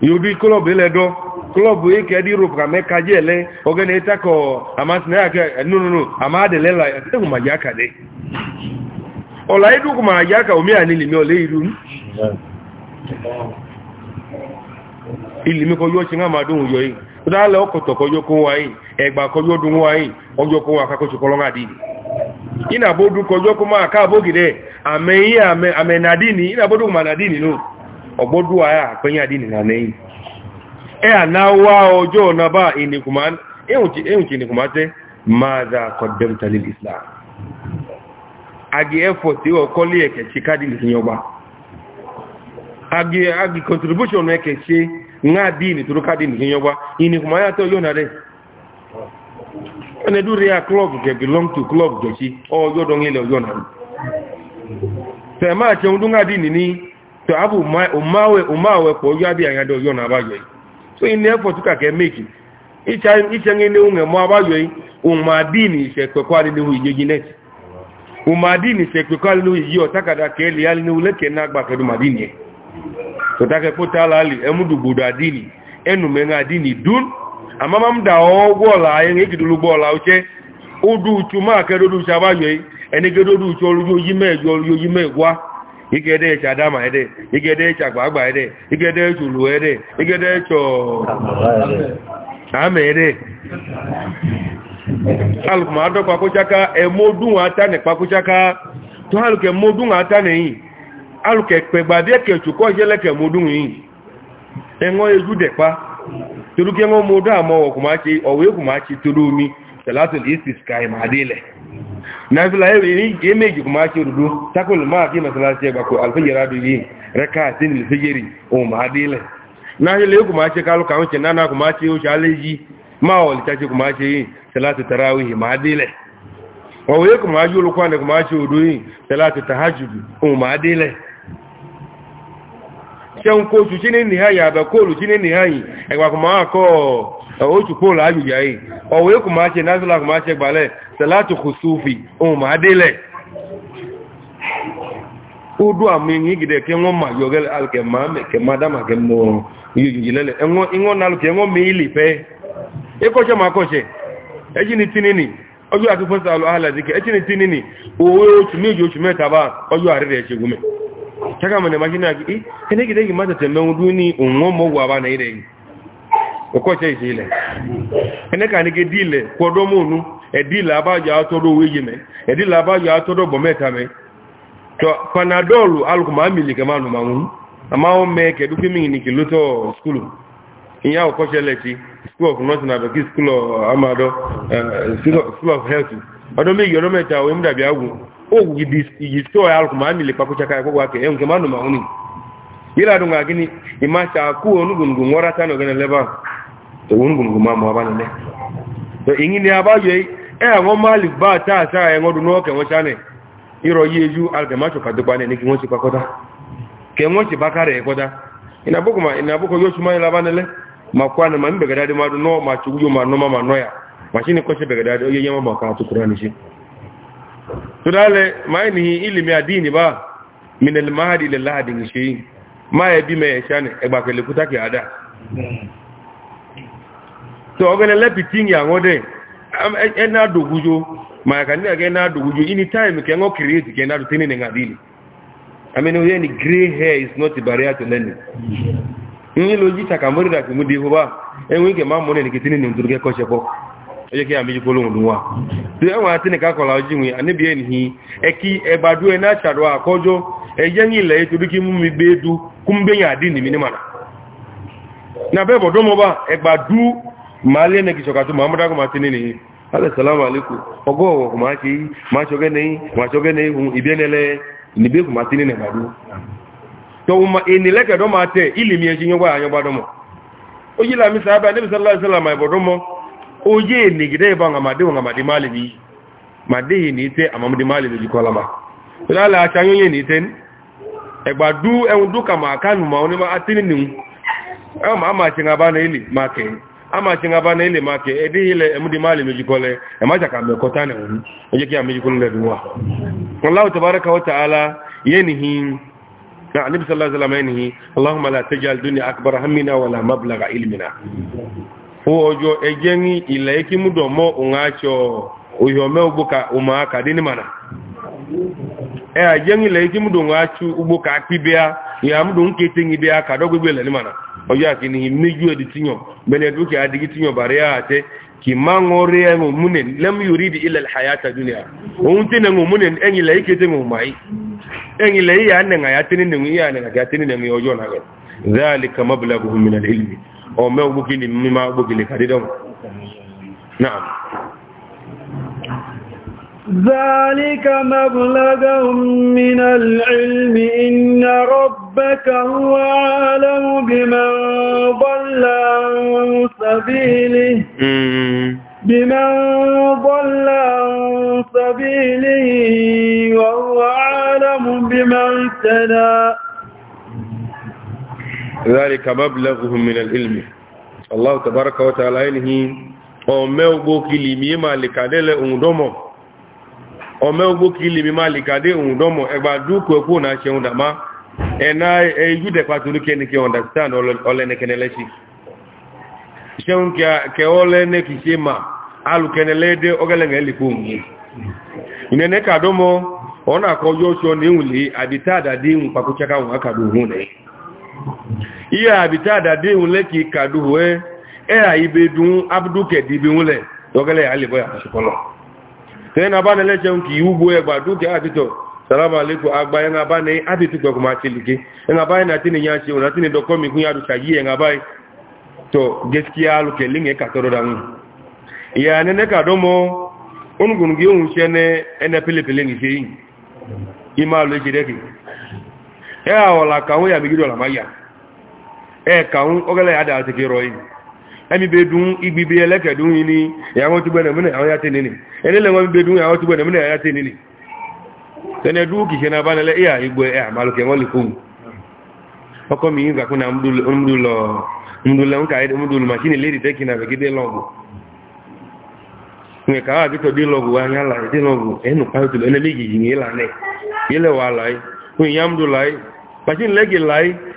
yo di club ile do club e ke di ro ka me ka je le o gane ta ko amas ne ka no no no amade le la e te ma ja ka de ọ̀la idúkù ma yá ka omi àní lèmi ọ̀lẹ́ ìlú ìlèmi kọjọ́ ṣe ń àmà dóhun yọ yìí tó dálẹ̀ ọkọ̀tọ̀ kọjọ́ kó wá yìí ẹgbà kọjọ́ dún wá yìí ọjọ́ kó wá kakọ́ṣù kọlọ́n àdìdì ìnàbódú kọjọ́ kó máa káàbógìdẹ̀ àmẹ́yìn ìnàbódú ma nàdìní nù islam agi effort iwe kọli ekechi kadil hinyọba agi agi contribution ekechi nga turu kadil hinyọba ini kuma ya to yona de ene duri club ke belong to club gechi o yodo yona che dini ni to abu umawe umawe ko anya do yona ba so ini effort ka ke make icha icha ngene unge mo ba yoyi umma dini se ko kwali ni umadini sekpekalu yi otakada keli ali ni uleke na agba agbakedu madini ye otake potala ali emudugbodo adini enumenga adini dun amama mda ogwola ayen egidulu gbola uche udu chuma kedodu chabayo enigedodu cholujo yimejo olujo yimegwa igede echa dama ede igede echa gbagba ede igede echulu ede igede echo ame ede alùpùpù àdọ́pàá kó ṣáká ẹmọ́dún àtànẹ̀ pàkúṣáká tó alùkẹ̀ mọ́dún àtànẹ̀ yìí alùkẹ̀ pẹ̀gbàdẹ́kẹ̀ ṣùkọ́ ìṣẹ́lẹ̀kẹ̀ mọ́dún yìí ẹ̀wọ́n ejú dẹ̀pá torúkẹ́ wọ́n mọ́dún àmọ́ ọ̀wé kùmáṣe torú omi tẹ̀látùl isis kai màdílẹ̀ nàfílà ẹ̀mẹ́jì kùmáṣe òdòdó tákùlù máa kí mẹ́sàlásí ẹgbàkọ̀ alfẹ́jẹ̀rádù yìí rẹ́ká àti nìlfẹ́jẹ̀rì ohun màdílẹ̀ náà ṣe lè kùmáṣe kálùkà ń ṣe náà kùmáṣe ó ṣe alẹ́ yìí máa ọ̀lẹ́ṣẹ́ kùmáṣe yìí salatu tarawih ma dile wa wo yeku ma julu kwa ne ma chi odoyin salatu tahajjud o um, ma dile seun ko tu chini ni haya ba ko lu chini ni hayi e, e wa ma ko o tu ko la yu yayi wa wo yeku ma chi nazla ma chi gbale salatu khusufi o um, ma dile udu amingi gide ke ngo ma yogel alke mame ke madama ke mo yujilele ngo ngo nalu ke ngo mi ili pe e ko che ma ko ẹjìnì tí tinini ọjọ́ àti fún sàálù ahàlàzíkẹ́ ẹjìnì tí nínì owó oṣù méjì oṣù mẹ́ta bá ọjọ́ àrí rẹ̀ ṣe gúnmẹ̀ ṣakamọ̀nà máṣínà kí kẹ́lẹ́gidẹ́gì má tẹ̀tẹ̀ mẹ́wọ́n dún ní òun ọmọ wà bá náírẹ̀ yìí ọkọ̀ṣẹ́ ìṣẹ́lẹ̀ ẹnẹ́kàníkẹ́ díìlẹ̀ pọ̀dọ́mọ̀nú ẹ̀díìlẹ̀ abájá tọ́dọ̀ owó yìí mẹ́ ẹ̀díìlẹ̀ abájá tọ́dọ̀ bọ̀ mẹ́ta mẹ́ tọ́ ìyá sí school of nursing àbẹ̀kí school of amado school of health ọdún méjì ọdún mẹ́ta òun mú dàbí àwù òwú gidi tó ẹ̀ alùpùpù máa ń lè pakó chaka ẹ̀kọ́ wa kẹ̀ ẹ̀hùn kẹ́ máa nù máa ń nì yíra dùn àgí ni ìmá ṣàkú onúgbùngbùn wọ́n rátá nà ọ̀gẹ́nà lẹ́bà onúgbùngbùn máa mọ̀ abánilẹ́ ìyìn ni abájọ ẹ̀ àwọn máa lè bá àtàṣà ẹ̀wọ̀n dùn náà kẹ̀wọ́n ṣánẹ̀ irọ yí ejú algamacho kàdópa ní kí wọ́n ti pakọ́dá kẹ wọ́n ti makwana ma mbegedade madu no ma chuguyo ma no ma noya mashini koshe begedade oyo yema ma kana tukurani shi tudale maini ilimi ya dini ba min al mahdi lil lahdi shi ma ya bi me shane e ba kele kutaki ada to ogene le piting ya ngode ena dogujo ma kanini age na dogujo ini time ke ngo create ke na tini ne ngadini i mean when gray hair is not a barrier to learning ní lójí takamori da kìí mú di ihò bá e ike ma mọ́ ní ẹnìkìtì ní ìdúró kẹ́kọ́ ṣe pọ́ ẹjọ́ kí àmì ìjìkó lóhùn nwa tí ẹwọ́n e àti nìka kọ̀lá ojú wọn àníbi ẹnìhì e ẹkí ẹgbàdú ẹ na ṣàdọ́ àkọ́jọ́ ẹjẹ́ ní ilẹ̀ ètò bíkí mú mi gbé du kún gbẹ̀yìn àdí na bẹ́ẹ̀ bọ̀dọ́ egbadu ma ẹgbàdú ma lé ẹnìkì ṣọ̀kàtú màá mọ́dágùn máa ti ní nìyí alẹ́sàlámù alẹ́kù ọgọ́ ọ̀wọ̀ kò máa ṣe máa ṣọgẹ́ nìyí tọwọ́mọ ènìlẹ́kẹ̀dọ́ máa tẹ̀ ìlìmí ẹjí yọ́gbà àyọ́gbàdọ́mọ̀ ó yí lámí sàábà níbi sálàmà ìbọ̀dọ́mọ̀ ó yé ènìgídẹ́ ìbá àmàdé wọn àmàdé máa lè ní màdé yìí ní tẹ́ àmàmàdé máa lè lè jùkọ́ lọ́mà lálẹ́ aṣáyún yìí ní tẹ́ ẹgbà dú ẹun dúkà máa kánù máa ní máa tí nínú àmà ṣe ń abá náà ilé máa kẹ́ na annabi sallallahu alaihi wasallam ni allahumma la tajal dunya akbar hammina wala mablagha ilmina fo ojo ejeni ile iki mudo mo ungacho uyo me ubuka uma ka dini mana e ajeni ile iki mudo ungacho ubuka kibia ya mudo nkete ngi bia ka dogbe le ni mana ojo akini meju editinyo bele duke adigi tinyo bare ate ki mangori engo munen lam yuridi illa alhayata dunya unti nengo munen engi lai kete ngo mai engi lai ya nenga ya tini nengo ya nenga ya tini nengo yojo na gani dhalika mablaguhum min alilmi o me ubukini mima ubukini kadidon na'am ذلك مبلغهم من العلم إن ربك هو عالم بمن ضل عن سبيله بمن ضل عن سبيله وهو عالم بمن اهتدى ذلك مبلغهم من العلم الله تبارك وتعالى إنه أو ميوغو كلمة مالكادلة أمدومو ọmọ ogbó kí lè mi máa lè gàdé òun dánmọ̀ ẹgbà dúkù ẹkù náà ṣeun dàmá ẹ̀nà ẹjú dẹ̀pà tó lókẹ́nikẹ́ understand ọlẹ́nẹkẹnẹlẹ́ṣì ṣeun kẹ ọlẹ́nẹkì ṣe ma alùkẹnẹlẹ́dẹ́ ọgẹ́lẹ̀ngẹ̀ẹ́lẹ́kù òun yìí ìnẹ̀nẹ́kàdọ́mọ́ ọ tee na aba na-eleche m ka iwu gbuo egba duke atito salam agba nga ba ne atito gbe kuma chilike nga ba na tini ya chi ona tini doko mi kunya duka yi nga to gaskiya lu ke linge ka toro dan ya ne ka ji e ka ya maya e ka ẹmi bẹ dun igbi bẹ ẹlẹ́kẹ̀dún yìí ni ìyàwó tó ya mìíràn àwọn yàtẹ̀ nìní ẹnilẹ̀ wọn bẹ dun ìyàwó tó gbẹ̀nà mìíràn yàtẹ̀ nìní tẹ́nẹ̀ dúró kìí náà bá nílẹ̀ ìyà wọn lè fóun ọkọ mi yìí kàkún náà múdùlọ màṣínì lédi tẹ́kì náà fẹ́kí dé lọ́gù nǹkan àwọn àbíkọ̀ dé wa dé ẹnu ẹnẹ méjì yìí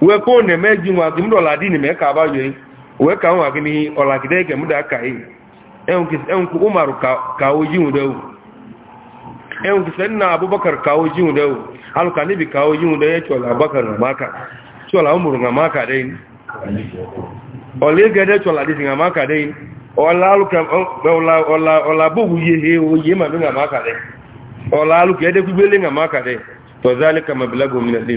wee ka na me ji nwa gị mdụ ọla dị n'ime ka agbaghị wee ka nwa gị n'ihi ọla gide ege mdụ aka yi enwukwu umaru ka oji nwudewu enwukwu nna abubakar ka oji nwudewu alụka nibi ka oji nwude ya e chọla abakar na maka chọla ụmụrụ na maka dị ọla chọla dị na maka dị ọla alụka ọla ihe oyi ma na maka dị ọla na maka dị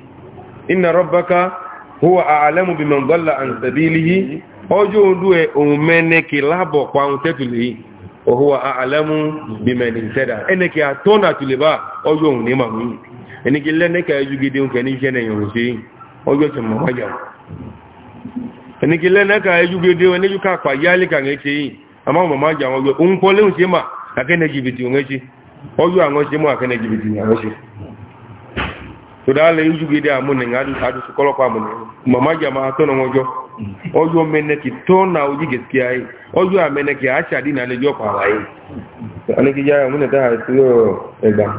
inna rabbaka huwa a'lamu biman dhalla an sabilihi ojo nduwe umene kilabo kwa untetuli o huwa a'lamu biman ihtada eneke atona tuliba ojo unima mu eneke leneka yugide unke ni jene yosi ojo chama waja eneke leneka yugide wene yuka kwa yali kan ama ojo unpole unsema akene jibiti ojo akene jibiti todala ijugide amụnị adụsụkọlọkwa amụnị mama ji ama atọ n'ọjọ ọjọ meneki tọ na oji geski anyị ọjọ ameneki acha dị na leji ọkwa anyị anịkija ya mụnị taa esi ha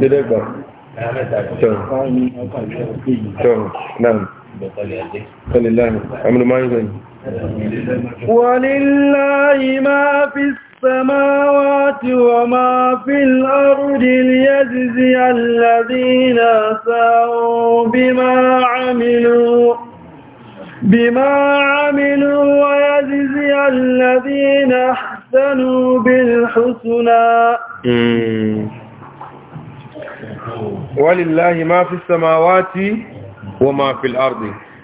ìdẹ́dẹ́gbà tọ́ náà السماوات وما في الأرض ليجزي الذين ساءوا بما عملوا بما عملوا ويجزي الذين احسنوا بالحسنى ولله ما في السماوات وما في الأرض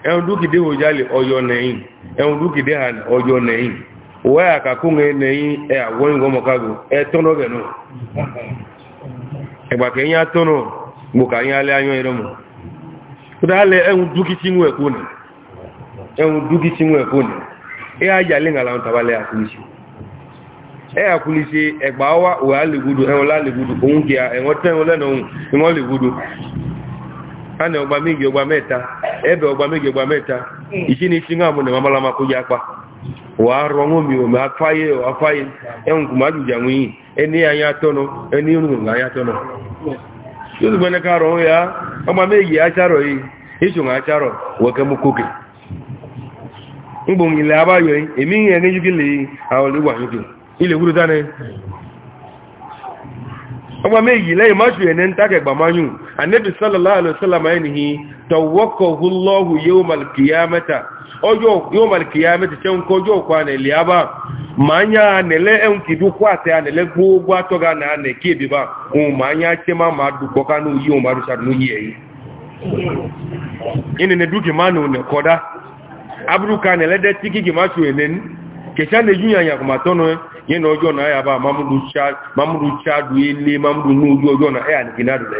ẹ̀hùn dúkìdé òjálè ọjọ́ nẹ̀yìn ẹ̀hùn dúkìdé ọjọ́ nẹ̀yìn wee e a ka na-eyi agwọ ngwe mọkago etonu oge nụ ịgba ka enye atụnụ bụ ka anyị alị anya ere mụ ụdala enwu dukiti nwe kwunu enwu dukiti nwe kwunu ihe aja ali ngala ntabali akwụlisi e akwụlisi egba awa wee a enwela aligudu onwu gị ya enweta enwela na onwu enwe oligudu na isi na isi nwa amụ na mamalama kwụji akpa wàá rọrùn omi omi afáyé afáyé ẹ̀hùn kò jùjà wọ́n yìí ẹni àyà ẹni ya ọmọ méjì aṣárọ̀ yìí ìṣùn aṣárọ̀ wọ́kẹ́ mú kókè ngbòhùn ilẹ̀ abáyọ̀ yìí èmi ń ẹni yúkí lè lẹ́yìn máṣù ẹ̀nẹ́ ń tákẹ̀ gbàmáyùn tawakkahu Allahu yawmal qiyamata ojo yawmal qiyamata tan ko jo kwa ne liaba manya ne le en ki du kwa te ne le gbogbo atoga na ne ki bi ba un manya che ma ma du ko kanu yi o maru sar nu yi ene ne duki manu ne koda abru kan ne le de tiki ki ma tu enen ke sha ne yunya ya kuma tono e. ye no ojo na ya ba mamudu cha mamudu cha du ile e mamudu nu ojo na ya ni kinadu le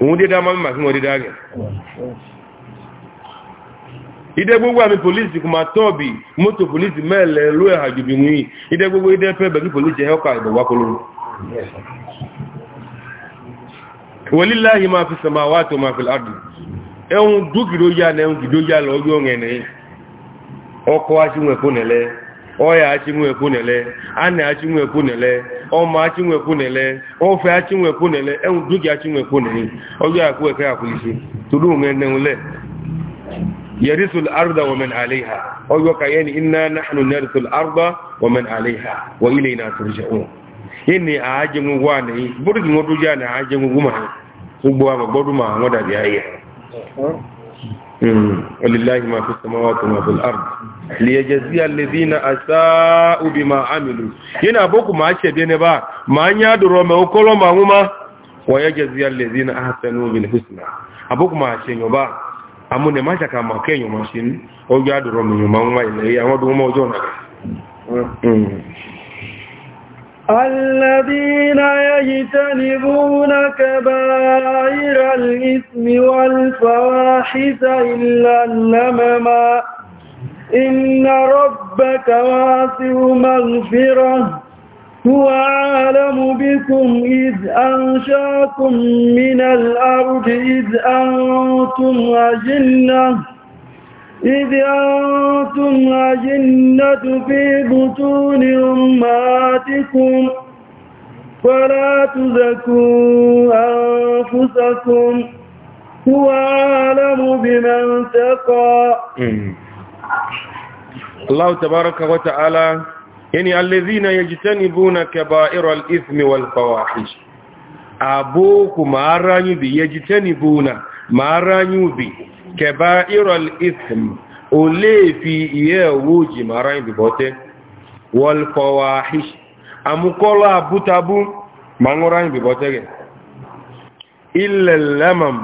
òun dédá máa mímà kí wọ́n dédá rẹ̀ ìdẹ gbogbo àmì polisi kò máa tọ́ọ̀bì mọ́tò polisi mẹ́lẹ̀ ló ẹ̀hà jùbì ní ìdẹ gbogbo ìdẹ pẹ́ bẹ̀bí polisi ẹ̀họ́kà ìdọ̀wà kọlọ́rù wọlíláhì fi sọmọ àwá tó máa fi ládùn ẹ̀hùn dúkìdó ọya achinwekwunele ana achinwekwunele ọma achinwekwunele ofe achinwekwunele enwudugi achinwekwunele oge akweke akwụisi turu nwenewule yarisul arda wa man alaiha oyo kayeni inna nahnu narisul arda wa man alaiha wa ilayna turja'un inni aajin wa ne burgin wodu ja na aajin guma ugbo ma goduma ngoda biya ولله ما في السماوات وما في الارض ليجزي الذين اساءوا بما عملوا ينا بوكو ما شبي ne ba ma nya duro me okolo ma nguma ويجزي الذين احسنوا بالحسنى aboko ma shenyo ba amune ma chaka ma kenyo ma shin o ya duro me ma nguma ile ya wodu mo jona mm الذين يجتنبون كبائر الإثم والفواحش إلا النمما إن ربك واسع مغفرة هو أعلم بكم إذ أنشاكم من الأرض إذ أنتم أجنة إذ أنتم أجنة في بطون أمهاتكم فلا تزكوا أنفسكم هو أعلم بمن تقى الله تبارك وتعالى يعني الذين يجتنبون كبائر الإثم والفواحش أبوكم أراني بيجتنبون Maara ara anyị ubi keba irol ism ole fi ihe uwe ji mara anyị bibote wal fawahish amukọla abutabu ma nwụrụ anyị bibote gị ilelemam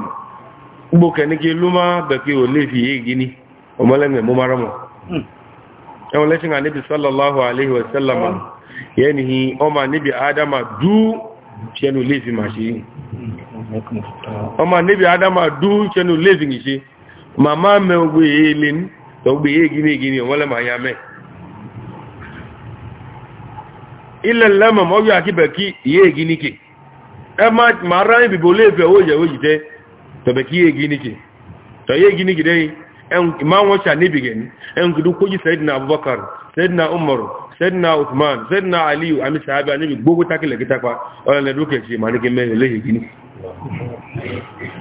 ugbo kenike luma dake ole fi ihe gini omeleme mụ mara e mụ enwere shi na nabi sallallahu alaihi wasallam o ọma nabi adama duu ṣẹnu léèfì ma ṣe ọmọ níbi adama dú ṣẹnu léèfì ṣe mẹ ogbe èèlè ní ogbe èègìní èègìní wọ́n lẹ́mà ya mẹ́ ilẹ̀ lẹ́mọ̀ mọ́gbẹ́ akíbẹ̀ kí iye èègìní kè ẹ máa rán ìbìbò léèfì owó ìyẹ̀wó yìí tẹ́ tọ̀bẹ̀ kí iye èègìní kè tọ̀ iye èègìní kè dẹ́yìn ìmáwọn ṣà níbi gẹ̀ ní sẹ́dínà abubakar sẹ́dínà umar sayyidina Uthman sayyidina Ali ami sahabi ani gbogbo takile kitapa ola le duke si mani ke mele le gini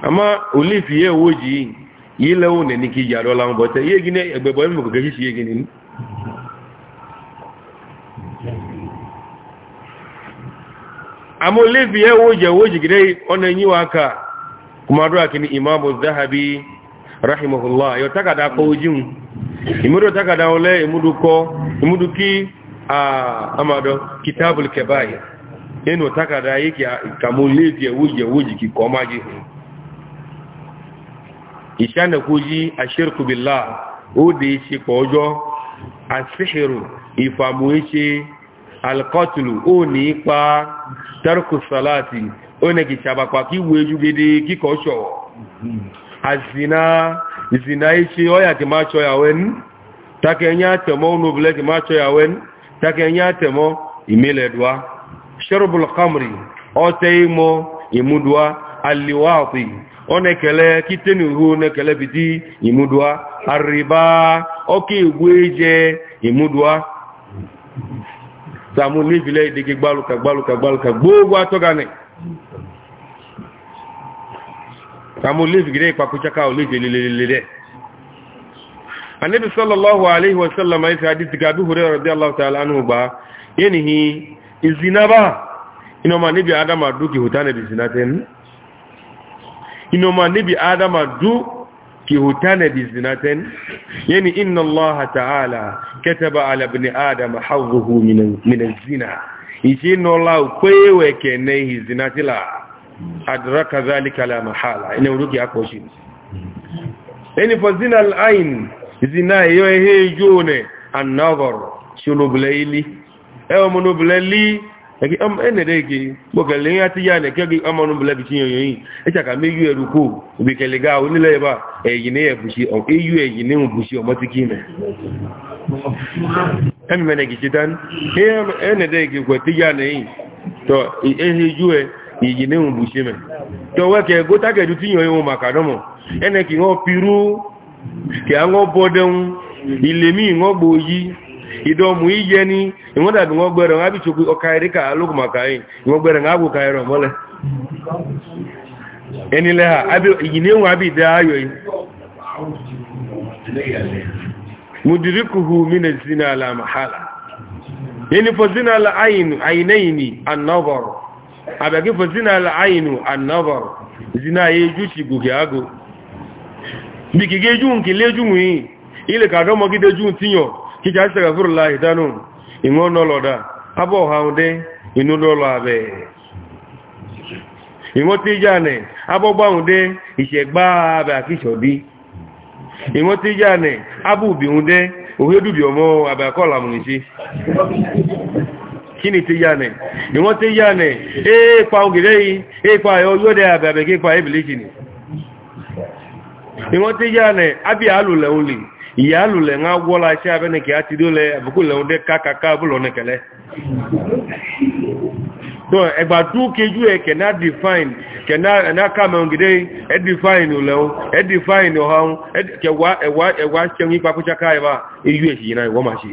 ama olifi ye woji yi le o ne ni ki ya lola mo bote ye gini egbe bo ama olifi ye woji woji gide ona yi wa ka kuma do akini imamu zahabi rahimahullah yo takada ko jin imudo takada imudu ko imudu ki amado kitabul kebaye inu takada yake kamulezi wuje wuje kikomaji ishana kuji ashirku billah udi ishi pojo asihiru ifamu ishi alqatlu oni ipa tarku salati one kichaba kwa kiweju gidi kikosho azina zina ishi oya kimacho yawen takenya temounu bleki macho yawen take nya temo imile dwa sharabul khamri oteimo imudwa aliwati onekele kitenu hu nekele bidi imudwa arriba oke igweje imudwa samu ni vile idigi gbaluka gbaluka gbaluka gbogbo atogane samu live gire ipakuchaka live lelelelele annabi sallallahu alaihi wasallam ya hadisi ga bi hurairah radiyallahu ta'ala anhu ba yanihi izina ba ino ma nabi adama duki hutane bi zinaten ino ma nabi adama du ki hutane bi zinaten yani inna allah ta'ala kataba ala ibn adam hawzuhu min min az-zina ishi no la kwewe kenehi zinatila adraka dhalika la mahala ina uruki akoshi yani fa zina al-ain zina yo ehe jone annadhar shulu blaili ewo munu blali eki am enerege bokele ati ya ne kegi amonu blabi chinyo ka meyu eruko bi e kele ga oni le ba eyin e bushi o eyu eyin ni bushi o e mene gi e, ko ti ya ne to ehe juwe eyin bushi me to go ene ki ke a bọdenwu ilemi ṅọgba oyi idomụ ije ni ịnwụdabi ṅọgbere ṅa ni ọkarị ka alụkwụ maka anyị ṅọgbere ṅa agwụ karịrị ọmọle enile ha iyina enwe abide ayoyi mudirikuhu zinala mahala bí kìí géjúun kìí léjúun yìí ilẹ̀ kàdọ́mọ́ gídé júun tíyàn kíkà sẹ́gàfúrù láì dánú ìwọ́n nọ́lọ̀dá abọ́ ọ̀háundé inú lọ́lọ́ abẹ́ ìwọ́n tí jáànẹ̀ abọ́gbáhundé ìṣẹ̀gbá abẹ́ àkíṣọ̀bí ìwọ́n tí jáànẹ̀ abúbìhundé òhèdùbì ọmọ abẹ́ akọ́làmùnìṣe kí ni tí jáànẹ̀ ìwọ́n tí jáànẹ̀ éèpa ògìdẹ́ yìí éèpa ọyọ́dẹ́ abẹ́ àbẹ̀kẹ́pa ébìlẹ́ṣìnì ìwọ́ntí yá nẹ̀ ábí àálùlẹ̀ ń le, ìyá àálùlẹ̀ a wọ́la iṣẹ́ abẹ́nìkẹ́ àti ìdílẹ̀ àbùkù lẹ́hún dé kákàká bùlọ̀ nìkẹ̀lẹ́ so ẹgbà tó kejú ẹ kẹ̀ná define kẹ̀ná kàmẹ̀hún gidé ẹ define lẹ́hún ẹ define ọ̀hán kẹwàá ẹwà ẹwà ṣẹ́yìn yìí náà ìwọ́n máa ṣe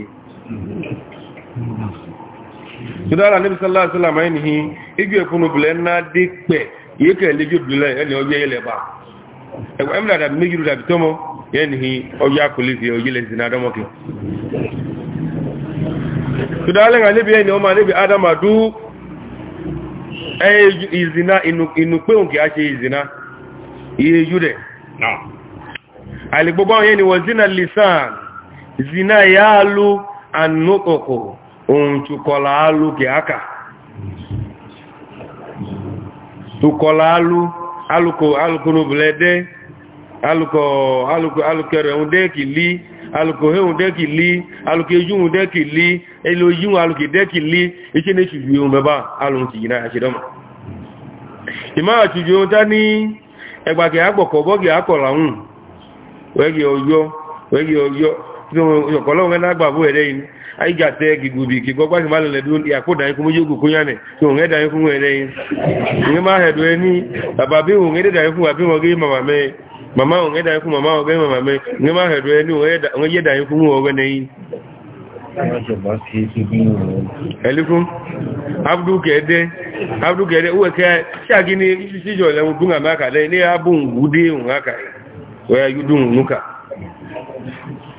sudara sallallahu alaihi ekunu bilen na dikpe yeke leju bilen oye ba emla da migiru da bitomo yanhi oya kulisi oyile zina domo ke to dale ngani bi eni o ma ni bi adam adu e izina inu inu pe onke a iye yude na ali gbogbo yen ni wazina lisan zina yaalu annukoko ohun tukola alu ke aka alu Alụkọ, aluko nobule de aluko aluko aluko rehun de ki li aluko hehun de ki li aluko ejun de ki li elo yun aluko de ki li ne chuju alun ti na ase ima chuju tani egba ke agboko bogi akola wegi oyo wegi oyo ti na ayi ga tɛ gigubi ki gbɔgba ki ma lɛ do ya ko dan kun yogo ko yane to ŋɛ dan kun ŋɛ dɛ ŋɛ ma hɛ do baba bi ŋɛ de dan kun abi ŋɛ ge mama mɛ mama ŋɛ dan kun mama ŋɛ mama mɛ ŋɛ ma hɛ do yɛ ni ŋɛ ye dan kun ŋɛ ne yi. ẹ̀lẹ́kún abdulkẹ̀ẹ́dẹ́ abdulkẹ̀ẹ́dẹ́ ó ẹ̀kẹ́ ṣàgíní ṣíṣọ́ ìlẹ́wọ̀n gúnmà máa kà ní abúngúdé òun ákà ẹ̀yà yúdùn òun núkà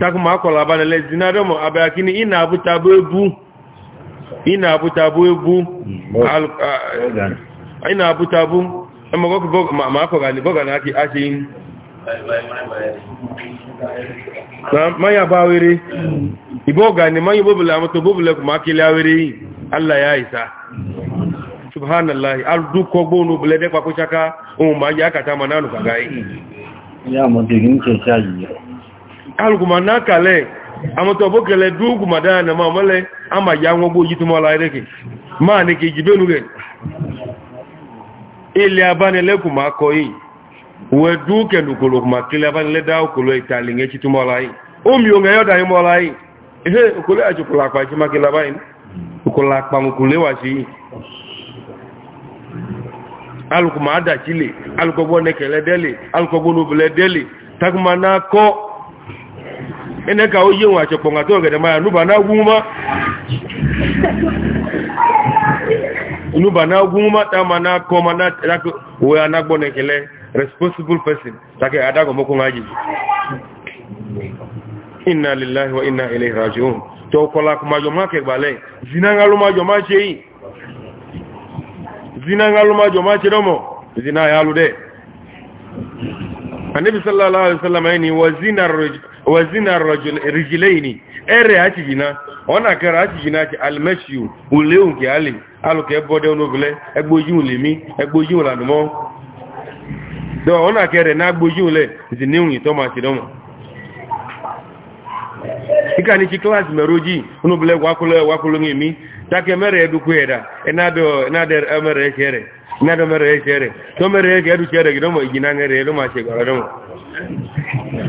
takuma akọla abanile zinadomo abakini ina abutabu ebu ina abutabu ebu ina abutabu ẹmọ gọ́kù ma akọga ni bọ́ga na aki aṣe yin na manya ba were iboga ni manya bobule amuto bobule kuma akili awere yi allah ya isa subhanallah ohun ma a kàtà ma nánú kàgáyé alùkùnmà náà kàlẹ̀ àmọ́tọ̀bókẹlẹ̀ dúkùnmà dáadáa máa mọ́lẹ̀ a máa yá wọn gbó yítúmọ́ aláìrẹ́kì máa ní kejì bẹ́nu rẹ̀ ilẹ̀ abánilẹ́kùnmà kọ yìí wẹ́ dúkẹ̀lùkùnmà kílẹ̀ abánilẹ́dá alùkùnmà adàchílè alùkọ̀gbọ́n nẹkẹ̀lẹ́ dẹ́lè alùkọ̀gbọ́n obìnrin dẹ́lè takùnmà náà kọ́ ene ka o yewu ache kponga to ngede maya nuba na guma nuba na guma ta mana koma na responsible person take ada go moko ngaji inna to kola kuma zina ngalu ma zina ngalu ma zina ya lu de sallallahu alaihi wasallam ni wa zina wazina rijilaini ere achijina ọ na-akara achijina achi almeshiu ule nke ali alụka ebode mi egboji ulemi egboji ulanụmọ do ọ na-akere na zini ule ziniwunyi tomasidoma ika ni ci klas mere oji onobele gwakụlụ gwakụlụ n'emi take mere edukwu eda enado enado mere echere enado mere echere to mere eke edu chere gị domo ijina ngere edo ma chegara domo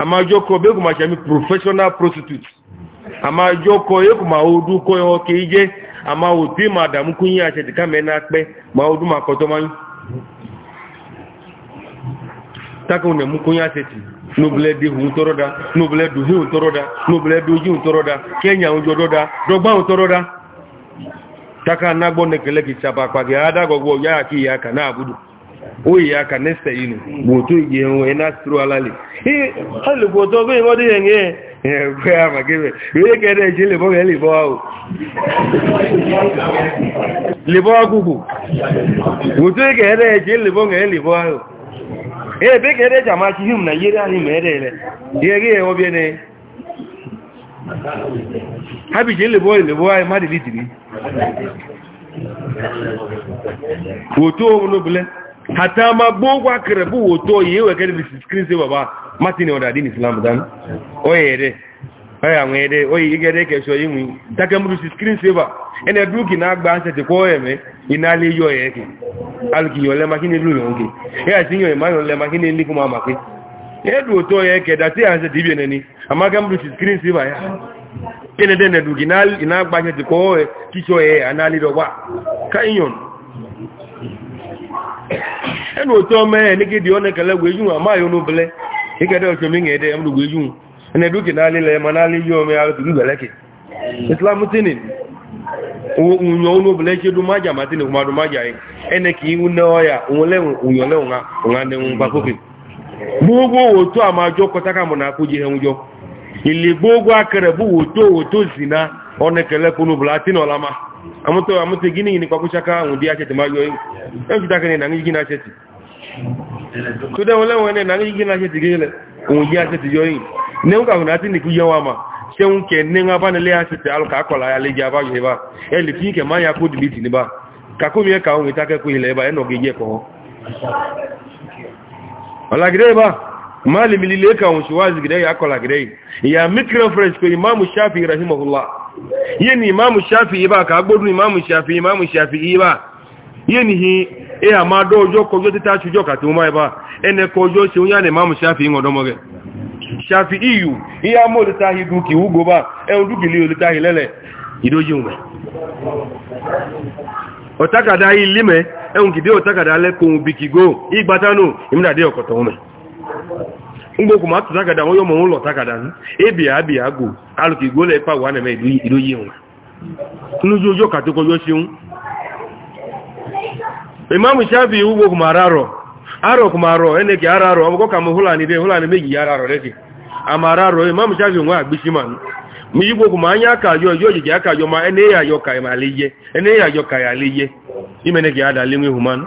ama joko be kuma chami professional prostitute ama joko ye kuma odu ko yo keje ama odi madam kunyi a se de ka mena pe ma odu ma ko to man takun ne mukunya se ti noble de hu toroda noble du hu toroda noble du ji toroda kenya o jododa dogba o toroda taka nagbo ne kele ki chapa pa ge ada gogo ya ki ya kana abudu oyi aka nesta inu gboto igi enwe ina stro alali ihe hali gboto ogo imo dị enye ẹgbẹ́ àmàgébẹ ìwé kẹrẹ ìṣe lè bọ́gẹ̀ lè bọ́ àwò lè bọ́ àkùkù gboto kẹrẹ ìṣe lè bọ́gẹ̀ lè bọ́ àwò ebe kẹrẹ jàmá ti hìm na yẹrẹ ahì mẹ́rẹ̀ rẹ̀ yẹrẹ ẹwọ́ bí ẹni hábìṣe lè bọ́ ìlè bọ́ àyè má dìlítìrí gboto ogun ló hata magbogbo akẹrẹbù wò tó yìí wẹ̀kẹ́ níbi screen saver bá martin ọ̀dàdín islam dánú oye ẹ̀rẹ́ oye àwọn ẹ̀rẹ́ oye igẹ́rẹ́ kẹsọ yìí takẹmùrù sí screen saver ẹni ẹ̀dúkì náà gba ṣẹ̀tẹ̀ kọ́ ẹ̀mẹ́ iná lé yọ ẹ̀ẹ́kẹ́ alùkìyàn lẹ́mà kí ní ìlú yọ̀ ńkẹ́ ẹ̀ àti yàn ìmáyàn lẹ́mà kí ní ilé kó máa màkẹ́ ẹ̀dù òtó ẹ̀ẹ́kẹ́ dàtí àṣẹ tìbí ẹ̀nẹ́ni àmá kẹmùrù sí screen saver yá kí ni dẹ́nẹ̀dùkì náà gba ṣẹ̀tẹ̀ kọ́ ẹ̀ kíṣọ́ ẹ̀ àná lé dọ́gba káyàn ẹnu òtọ́ ọmọ ẹ̀ ní kéde ọ́nà kẹlẹ́ gbẹ́jú àmá yóò lóbẹ̀lẹ́ ìkẹ́dẹ́ ọ̀tọ́ mi ń ẹ̀dẹ́ ẹ̀mú gbẹ́jú ẹ̀nà dúkì náà lílẹ̀ ẹ̀mọ náà lílẹ̀ ọmọ ẹ̀rọ tó dúbẹ̀lẹ́ kì islam tínì òyìnbó olóbẹ̀lẹ́ ṣe dún májà máa tínì kùmà dún májà yìí ẹnẹ kì í ń ná ọyà òun gbogbo akẹrẹ bú òtó amuto amute gini ni kwa kuchaka ndia cheti mayo en kitaka ni nangi gina cheti tude wala wene nangi gina cheti gele ndia cheti yi ne uka kuna tini kuyo wama se unke ne ngaba ne le cheti alo ka kola ya le jaba ye ba ele fike ma ya kodi biti ni ba a. ko mi ka unge take ku ile ba eno geje ko wala gide ba mali milile ka unshi wazi yi ya kola gide ya micro fresh ko imam shafi rahimahullah yé ni ìmáàmù ṣáfì yìí bá kà á gbódùn ìmáàmù ṣáfì ìmáàmù ṣáfì ba bá yé ni hi ẹ à máa dọ́ ọjọ́ kọjọ́ títà ṣùjọ́ kàtí wọ́n máa bá ẹnẹ kọjọ́ ṣe oúnjẹ́ ìmáàmù ṣáfì yìí ọ̀dọ́mọ rẹ̀ ṣáfì iyù iye amó lè táhì kì í wúgo bá ẹun dúkìlì olè táhì lẹ́lẹ̀ ngboku ma tu takada won yo mo lo takada nu e ebi abi ago alu ki gole pa wa na me idu idu yi won nu jo jo ka to ko yo siun imam shafi ugo kuma raro aro kuma ro ene ki araro amko hula ni de hula ni meji araro de ki amara ro imam shafi won agbisi man mi yugo ma ene ya yo ma leye ene ya yo ka ya leye imene ki ada human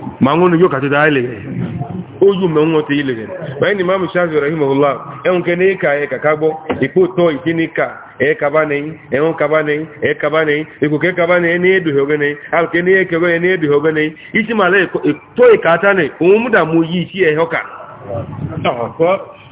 ma ngunu yo katida ile ojú mẹ́wọ́n ti ilẹ̀ rẹ̀. báyìí ni máàmù ṣáàfì rahimahulá ẹ̀hùn kẹ́ ní ìka ẹ̀ka kágbọ́ ìpò tọ́ ìkíníkà ẹ̀ka bá ní ẹ̀hùn kaba ní ẹ̀ka bá ní ìkò kẹ́ka bá ní ẹni ẹ̀dùhọ́gẹ́ ní alùkẹ́ ní ẹ̀kẹ́ ẹni ẹ̀dùhọ́gẹ́ ní ìtìmọ̀lẹ́ tó ìkàtà ní òun múdàmú yìí sí ẹ̀họ́kà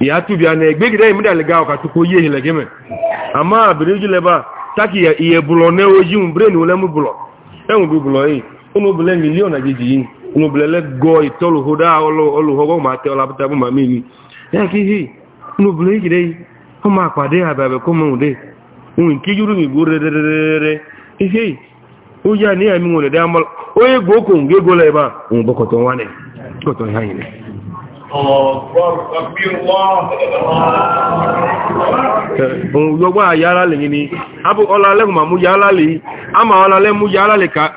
ya tubia na egbegide imidali ga ọka tupu oyi ehile gị me ama abiri uju leba taki ihe bụlọ na oji mbren ule m bụlọ enwebe bụlọ eyi unu bụle milion na gị ji yi le bụlele gọọ ite oluhodo a oluhogo ma te ma mmiri e ya ka ihe bụle ya m nke juru m igbo ihe a na ya nwere dị amal onye gwa egola ebe a nwụ bọkọtọ ha gbogbo e a yára lè ní abú ọlálẹ́gùn ma mú yára lè a ma ka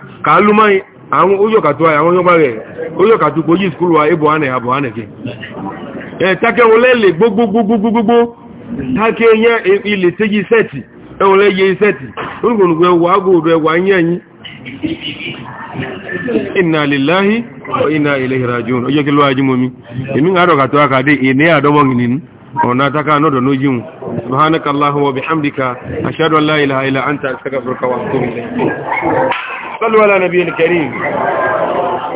inna lillahi wa inna ilaihi rajiun oje kilo ajimu mi emi ngado ka to aka de ine adomo nginin ona taka no do nojimu subhanaka allahumma wa bihamdika ashhadu an la ilaha illa anta astaghfiruka wa atubu ilayk sallu ala nabiyil karim